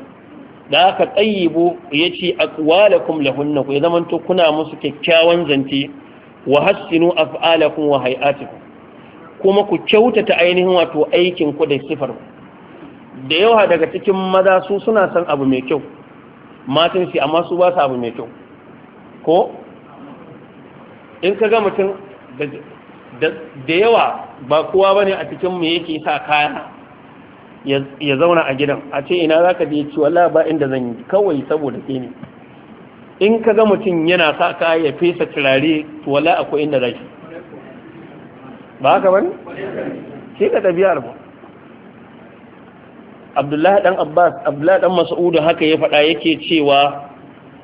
da aka tsayyibo ya ce aqwalakum lahunna ku zaman to kuna musu kyakkyawan zance wa hassinu af'alakum wa hay'atikum kuma ku kyautata ainihin wato aikin ku da sifar da yawa daga cikin maza su suna son abu mai kyau matan shi amma su ba su abu mai kyau ko in ka ga mutum da yawa ba kowa bane a cikin mu yake sa kaya ya zauna a gidan a ce ina za ka je ci wala ba inda zan yi kawai saboda ke ne in ka ga mutum yana sa kaya ya fesa turare to wala akwai inda zaki ba haka ne? Ke ka tabiyar ba abdullahi dan abbas abdullahi dan masu'udu haka ya faɗa yake cewa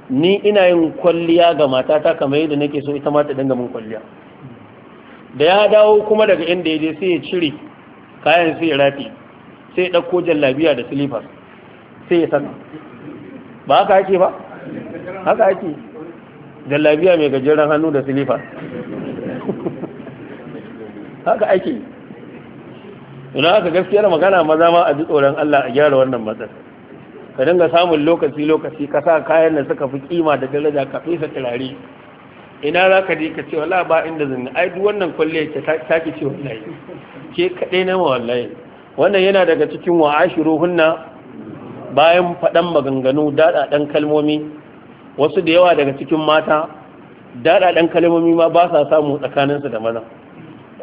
ni ina yin kwalliya ga matata kamar yadda nake so ita ma ta dinga min kwalliya da ya dawo kuma daga inda ya je sai ya cire kayan sai ya rafi sai ya ɗauko jallabiya da silifas sai ya saka ba haka yake ba haka yake jallabiya mai gajeren hannu da silifas *laughs* haka ake ina haka gaskiyar magana maza ma a ji tsoron Allah a gyara wannan matsar ka dinga samun lokaci lokaci ka sa kayan da suka fi kima da daraja ka fesa turare ina za ka je ka ce wala ba inda zanni ai duk wannan kwalle ta ki ce wallahi ke kaɗai na ma wallahi wannan yana daga cikin wa ashiru hunna bayan faɗan maganganu daɗaɗen kalmomi wasu da yawa daga cikin mata daɗaɗen kalmomi ma ba sa samu tsakaninsu da mana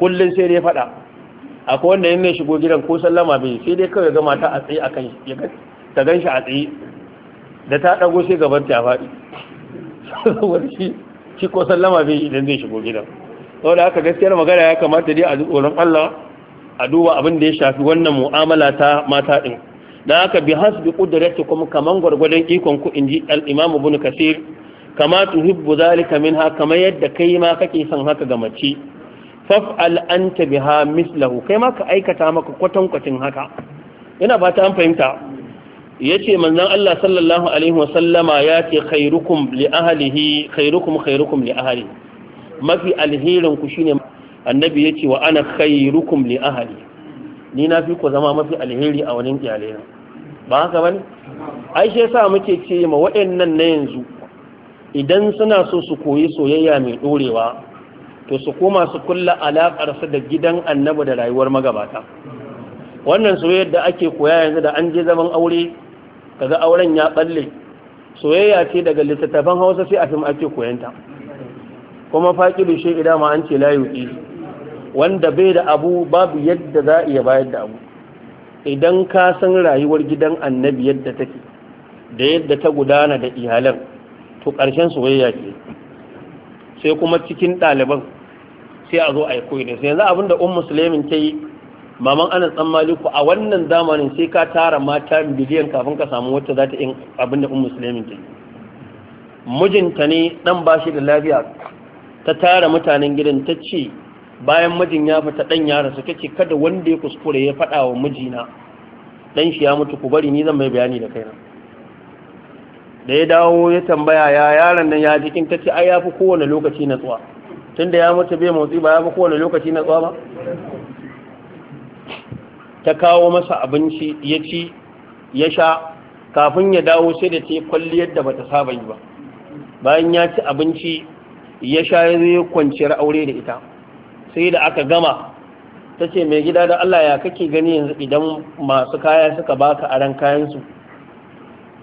kullum sai dai faɗa akwai wanda yin shigo gidan ko sallama bai sai dai kawai ga mata a tsaye akan ya ta gan shi a tsaye da ta ɗago sai gaban ta faɗi saboda shi shi ko sallama bai idan zai shigo gidan saboda haka gaskiyar magana ya kamata dai a tsoron Allah a duba abin da ya shafi wannan mu'amala ta mata din dan haka bi hasbi qudrati kuma kaman gwargwadon ikon ku inji al-Imam Ibn kasir kama tuhibbu zalika minha kama yadda kai ma kake son haka ga mace faf'al anta biha mislahu kai ma ka aikata maka kwatankwacin haka ina ba ta an fahimta yace manzon Allah sallallahu alaihi wasallama ya ce khairukum li ahalihi khairukum khairukum li ahali mafi alherin ku shine annabi ce wa ana khairukum li ahali ni na fi ku zama mafi alheri a wani iyalai ba haka ne ai shi yasa muke ce ma waɗannan na yanzu idan suna so su koyi soyayya mai ɗorewa, to su koma su kulla alaƙar da gidan annabi da rayuwar magabata wannan soyayyar da ake koya yanzu da an je zaman aure kaga auren ya balle soyayya ce daga littattafan hausa sai a fim ake koyanta kuma faƙilu shi idan ma an ce layu wanda bai da abu babu yadda za a iya bayar da abu idan ka san rayuwar gidan annabi yadda take da yadda ta gudana da iyalan to ƙarshen soyayya ce sai kuma cikin ɗaliban sai a zo a yi koyi da yanzu abin da un musulmin ta yi maman ana tsan maliku a wannan zamanin sai ka tara mata biliyan kafin ka samu wacce za ta yi abin da un musulmin mijinta ne dan ba shi da lafiya ta tara mutanen gidan ta ce bayan mijin ya fita dan yara su kace kada wanda ya kuskure ya faɗa wa mijina dan shi ya mutu ku bari ni zan mai bayani da kaina da ya dawo ya tambaya ya yaron nan ya jikin ta ce ai ya fi kowane lokaci na tsuwa? tunda ya mutu bai motsi ba ya fi kowane lokaci na tsuwa ba ta kawo masa abinci ya ci ya sha kafin ya dawo sai da ta yi kwalliyar da bata saba yi ba bayan ya ci abinci ya sha ya zai kwanciyar aure da ita sai da aka gama ta ce mai gida da Allah ya kake gani yanzu idan masu kaya suka baka aran kayansu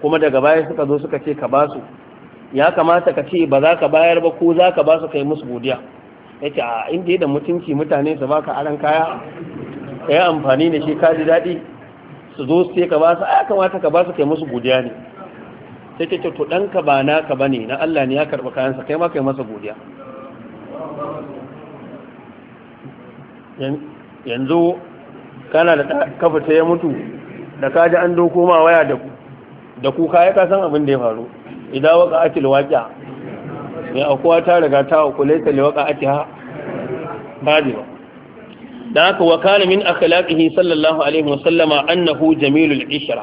kuma daga baya suka zo suka ce ka ba su ya kamata ka ce ba za ka bayar ba ko za ka ba su kai musu godiya ya ce a inda da mutunci mutane su baka aran kaya ka yi amfani da shi ka ji daɗi su zo su ka ba su a kamata ka ba su kai musu godiya ne sai ta ce to ɗanka ba ka ba ne na Allah ne ya karɓi kayansa kai ma kai masa godiya yanzu kana da kafa ta ya mutu da kaji an doko ma waya da ku da kuka ya kasan abin da ya faru idan waka ake waƙiya mai akuwa ta riga ta wakule ta liwaka ake ha ba ba da haka wa kana min akhlaqihi sallallahu alaihi wasallama annahu jamilul ishra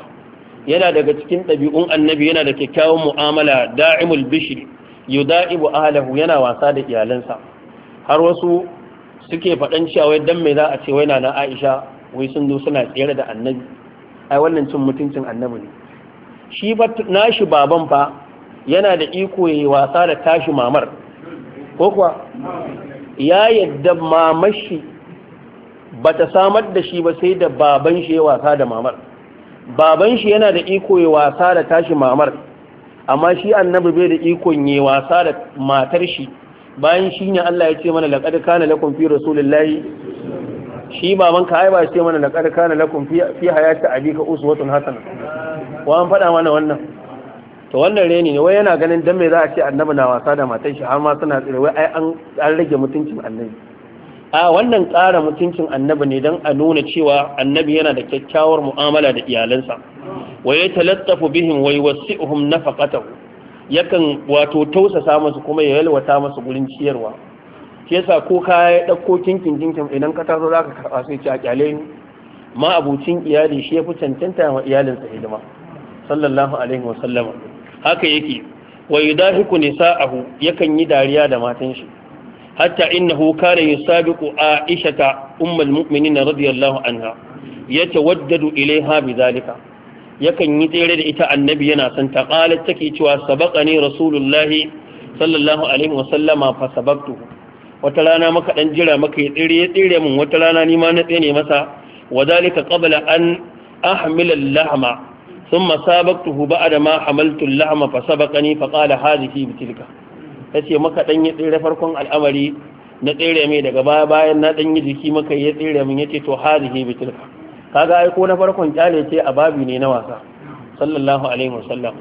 yana daga cikin ɗabi'un annabi yana da kyakkyawan mu'amala da'imul bishri yuda'ibu ahlahu yana wasa da iyalansa har wasu suke faɗan cewa wai dan me za a ce wai na Aisha wai sun zo suna tsere da annabi ai wannan cin mutuncin annabi ne shi ba nashi baban fa yana da iko yayi wasa da tashi mamar ko kuwa ya yadda mamashi ba ta samar da shi ba sai da baban shi ya wasa da mamar baban shi yana da iko ya wasa da tashi mamar amma shi annabi bai da ikon ya wasa da matar shi bayan shi ne Allah ya ce mana laqad kana lakum fi rasulillahi shi baban ka ai ba ce mana laqad kana lakum fi hayati abika uswatun hasana wa an faɗa mana wannan to wannan reni ne wai yana ganin dan me za a ce annabi na wasa da matar shi har ma suna tsire wai ai an rage mutuncin annabi a wannan ƙara mutuncin annabi ne don a nuna cewa annabi yana da kyakkyawar mu'amala da iyalansa wa ya talattafu bihim wa yuwassi'uhum nafaqatahu yakan wato tausasa musu kuma ya yalwata masu gurin ciyarwa Ke yasa ko ka ya dauko kinkin kinkin idan ka taso zaka karba sai ci a kyale ni ma abucin iyali shi yafi cancanta wa iyalinsa hidima sallallahu alaihi wa sallama haka yake wa yudahiku nisa'ahu yakan yi dariya da matan shi hatta innahu kana yusabiqu aishata ummul mu'minin radiyallahu anha yatawaddadu ilaiha bidhalika yakan yi tsere da ita annabi yana san ta take cewa sabaqani rasulullahi sallallahu alaihi wasallama fa sabaqtu wata rana maka jira maka ya tsere ya tsere min wata rana ni na tsene masa wadhalika qabla an ahmila al-lahma thumma sabaqtuhu ba'da ma hamaltu al-lahma fa sabaqani fa qala hadhihi bitilka ta ce maka ɗan yi tsere farkon al'amari na tsere mai daga baya bayan na ɗan yi jiki maka ya tsere min ya ce to hazihi bitilka Ka ga aiko na farkon kyale ce a babi ne na wasa sallallahu alaihi wasallam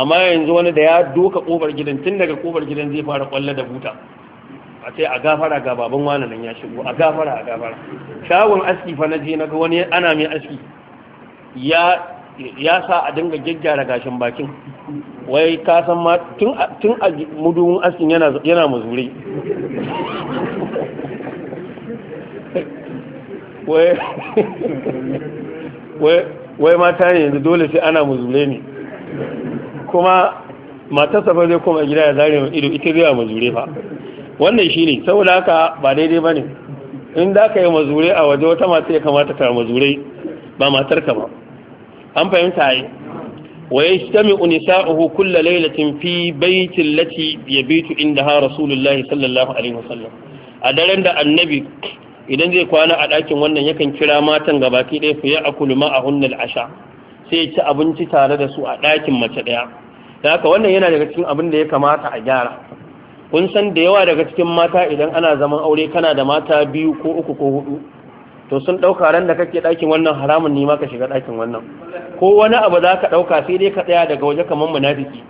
amma yanzu wani da ya doka kofar gidan tun daga kofar gidan zai fara kwalla da buta a ce a gafara ga baban wani nan ya shigo a gafara a gafara shagon aski fa na je na ga wani ana mai aski ya ya sa a dinga gyaggyara gashin bakin wai ka san ma tun a mudun askin yana mazuri wai mata ne yanzu dole sai ana mazure ne kuma matarsa fa zai koma gida ya zare ido ita zai mazure fa wannan shi ne saboda haka ba daidai ba ne in da ka yi mazure a waje wata mata ya kamata ta mazure ba matarka ba an fahimta yi wa yajtami'u nisa'uhu kulla lailatin fi baiti inda inda indaha rasulullahi sallallahu alaihi wasallam a daren da annabi idan zai kwana a ɗakin wannan yakan kira matan gabaki ɗaya fiye a kulma a hunnal asha sai ci abinci tare da su a ɗakin mace ɗaya da haka wannan yana daga cikin abin da ya kamata a gyara kun san da yawa daga cikin mata idan ana zaman aure kana da mata biyu ko uku ko hudu to sun ɗauka ran da kake ɗakin wannan haramun ne ma ka shiga ɗakin wannan ko wani abu za ka ɗauka sai dai ka tsaya daga waje kamar munafiki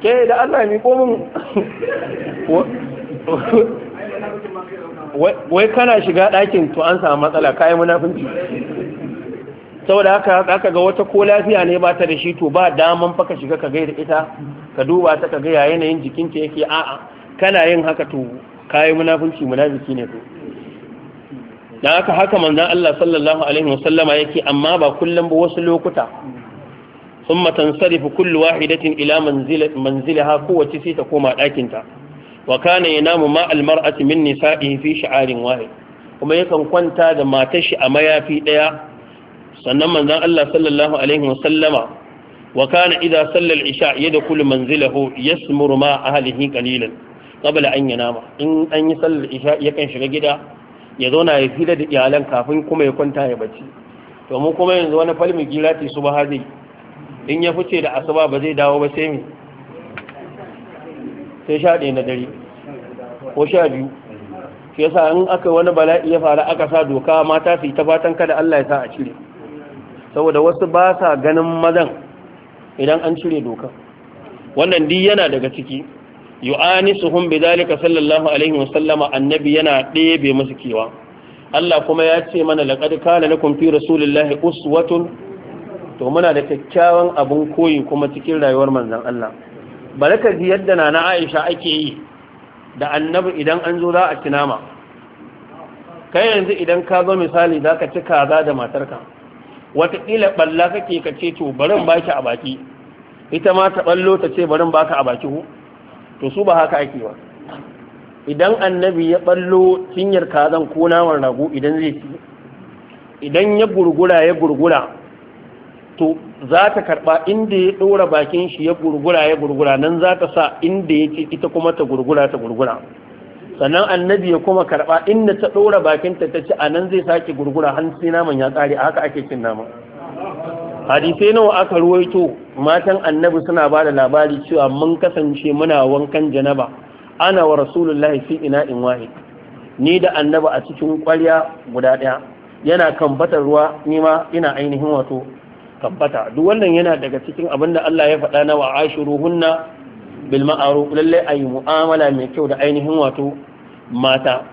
ke da Allah mi ko mun wai kana shiga ɗakin to an samu matsala kayi munafinci saboda haka aka ga wata ko lafiya ne ba ta da shi to ba daman fa ka shiga ka gaida ita ka duba ta ka ga yanayin jikinta yake a'a kana yin haka to yi munafinci munafiki ne to da aka haka manzan Allah sallallahu alaihi wasallama yake amma ba kullum ba wasu lokuta sun matansarifi kullu wahidatin ila manzilaha kowace sai ta koma ɗakinta wa kana yanamu ma almar'ati min nisa'ihi fi sha'arin wahid kuma yakan kwanta da matar shi a mayafi ɗaya sannan manzan Allah sallallahu alaihi wasallama wa kana idza salla al-isha yadkhulu manzilahu yasmuru ma ahlihi qalilan qabla an yanama in an yi sallar isha yakan shiga gida ya zo na ya fira da iyalan kafin kuma ya kwanta ya bace to mu kuma yanzu wani falmi girati su ba zai in ya fice da asuba ba zai dawo ba sai mi sai sha ɗaya na dare ko sha biyu shi yasa in aka wani bala'i ya faru aka sa doka mata su yi ta fatan kada Allah ya sa a cire saboda wasu ba sa ganin mazan idan an cire doka wannan duk yana daga ciki yu'anisuhum bidhalika sallallahu alaihi wasallama annabi yana ɗebe musu kewa Allah kuma ya ce mana laqad kana lakum fi rasulillahi uswatun to muna da kyakkyawan abun koyi kuma cikin rayuwar manzon Allah baraka ji yadda nana Aisha ake yi da annabi idan an zo za a tinama kai yanzu idan ka zo misali zaka ci kaza da matarka wataƙila balla kake ka ce to barin baki a baki ita ma ta ballo ta ce barin baka a baki ko to su ba haka ake ba idan annabi ya ballo cinyar kazan ko naman rago idan zai ci idan ya gurgura ya gurgura to za ta karba inda ya ɗora bakin shi ya gurgura ya gurgura nan za ta sa inda ya ci ita kuma ta gurgura ta gurgura sannan annabi ya kuma karba inda ta ɗora bakinta ta ci a nan zai sake gurgura har sai naman ya tsare a haka ake cin naman hadisai nawa aka ruwaito matan annabi suna ba da labari cewa mun kasance muna wankan janaba ana wa rasulullahi fi ina in wahid ni da annabi a cikin kwarya guda ɗaya yana kan batar ruwa ni ma ina ainihin wato kambata duk wannan yana daga cikin abin da Allah ya faɗa na wa ashiruhunna bil ma'ruf lalle ayi mu'amala mai kyau da ainihin wato mata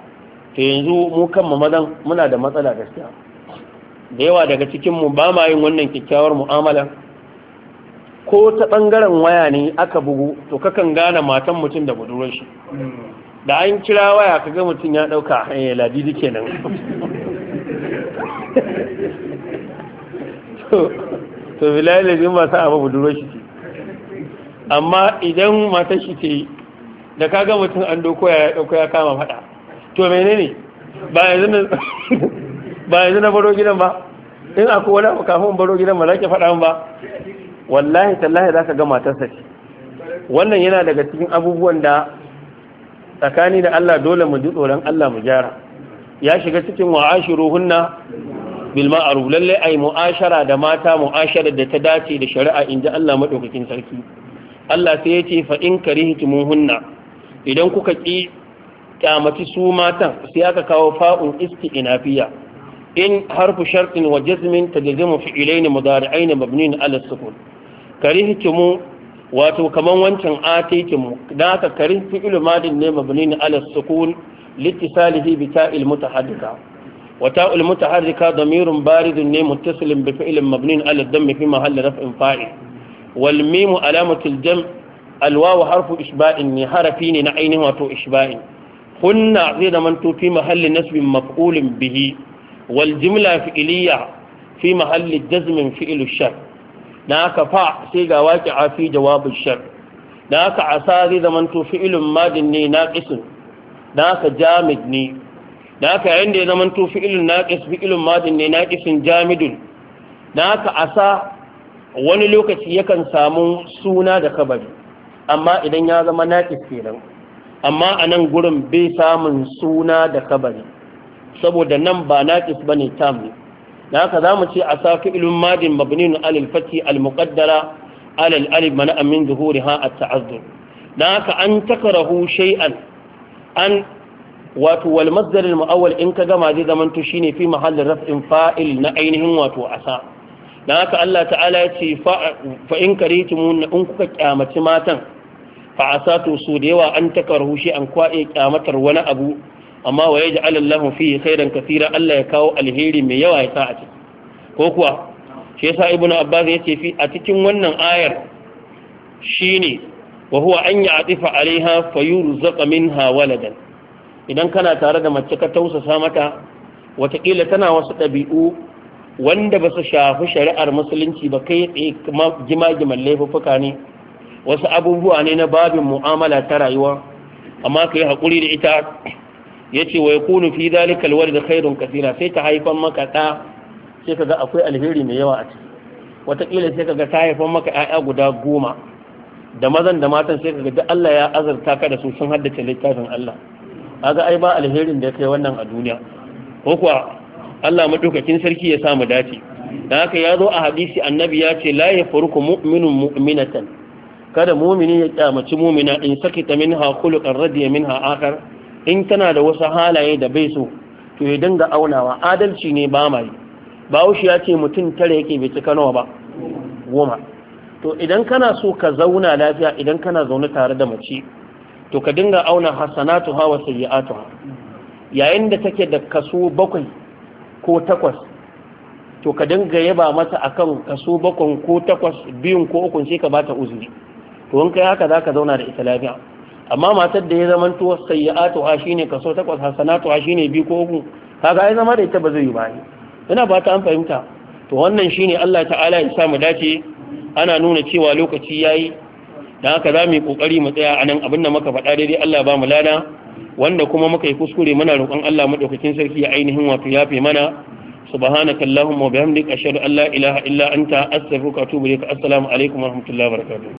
to yanzu mu mu mazan muna da matsala gaskiya da yawa daga cikin mu ba ma yin wannan kyakkyawar mu'amala ko ta ɓangaren waya ne aka bugu to kakan gane matan mutum da budurwar shi da an kira waya kaga mutum ya ɗauka hanyar eh, ladidi kenan *laughs* to bilayi da ba sa abu budurwar shi ce amma idan matan shi ce da kaga mutum an doko ya ɗauko ya kama faɗa to menene *laughs* ba yanzu na baro gidan ba in akwai wani abu kafin baro gidan ba za ki faɗa ba wallahi tallahi za ka ga matarsa ce wannan yana daga cikin abubuwan da tsakani da Allah dole mu ji tsoron Allah mu gyara ya shiga cikin wa'ashiruhunna bil ma'ruf lalle ai mu'ashara da mata mu'ashara da ta dace da shari'a inji Allah madaukakin sarki Allah sai yace fa in hunna. idan kuka ki su matan sai aka kawo fa'un isti'nafiya in harfu shartin wa jazmin tajzimu fi'ilaini mudari'aini mabniin ala sukun karihikimu wato kaman wancan atikimu da haka karin fi'il madin ne mabni na ala sukun litisalihi bi ta'il mutahaddika wa ta'il mutahaddika damirun baridun ne muttasilin bi fi'ilin mabni ala dammi fi mahalli raf'in fa'il wal mimu alamatul jam' alwawu harfu isba'in ne harafi ne na ainihin wato isba'in kunna zai da zamanto fi mahalli nasbin maf'ulin bihi wal jimla fi'iliya fi mahalli jazmin fi'ilu shar Na aka fa sai ga waƙi a fi jawabin shar na aka asa zai zama to fi'ilun madin ne na naqisun Na aka jamid ne na aka yayin da ya zaman to fi'ilun fi fi'ilun madin ne na naqisun jamidun na aka asa wani lokaci yakan samu suna da kabari amma idan ya zama naqis kenan amma a nan gurin bai samun suna da kabari saboda nan ba ƙis ba ne tam ne da haka za mu ce a sa fi'ilun madin mabnin alil fati al muqaddara alal alif mana amin zuhuriha at ta'azzur da haka an takarahu shay'an an wato wal masdar al muawwal in ka gama zai zamanto shine fi mahallin raf'in fa'il na ainihin wato asa dan haka Allah ta'ala ya ce fa in karitumun in kuka kyamaci matan fa asatu su da yawa an taka rahushe an kwa'i kyamatar wani abu amma wa yaj'al alallahu fi khairan kathira Allah ya kawo alheri mai yawa ya sa a ciki ko kuwa shi yasa ibnu abbas yace fi a cikin wannan ayar shine wa huwa an ya'tifa 'alaiha fayurzaqa minha waladan idan kana tare da mace ka tausasa mata watakila tana wasu ɗabi'u wanda ba su shafi shari'ar musulunci ba kai tsaye gima-giman laifuffuka ne wasu abubuwa ne na babin mu'amala ta rayuwa amma ka yi haƙuri da ita yace wa yakunu fi dhalika da khairun kathira sai ta haifan maka da sai kaga akwai alheri mai yawa a ciki wataƙila sai kaga ta haifan maka ƴaƴa guda goma da mazan da matan sai kaga duk Allah ya azurta ka da su sun haddace littafin Allah kaga ai ba alherin da ya kai wannan a duniya ko kuwa Allah madaukakin sarki ya sa mu dace da haka ya zo a hadisi annabi ya ce la yafruku mu'minun mu'minatan kada mumini ya kyamaci mumina in sakita minha khuluqan radiya minha akhar in kana da wasu halaye da bai so to ya dinga aunawa adalci ne ba mai wushi ya ce mutum tare yake bai cika nawa ba goma to idan kana so ka zauna lafiya idan kana zaune tare da mace to ka dinga auna hasanatu hawa sayyi'atu yayin da take da kaso bakwai ko takwas to ka dinga yaba mata akan kaso bakwai ko takwas biyun ko ukun sai ka bata uzuri to in kai haka zaka zauna da ita lafiya amma matar da ya zama tuwa sayyi'atu ha shine kaso takwas hasanatu ha shine bi ko uku kaga ai zama da ita ba zai yi ba ina ba ta an fahimta to wannan shine Allah ta'ala ya sa mu dace ana nuna cewa lokaci yayi dan haka mu yi kokari mu tsaya anan abin da muka faɗa daidai Allah ba mu lana wanda kuma muka yi kuskure muna roƙon Allah madaukakin sarki ya ainihin wato yafe mana subhanaka allahumma wa bihamdika ashhadu an la ilaha illa anta astaghfiruka wa atubu ilaik assalamu wa rahmatullahi wa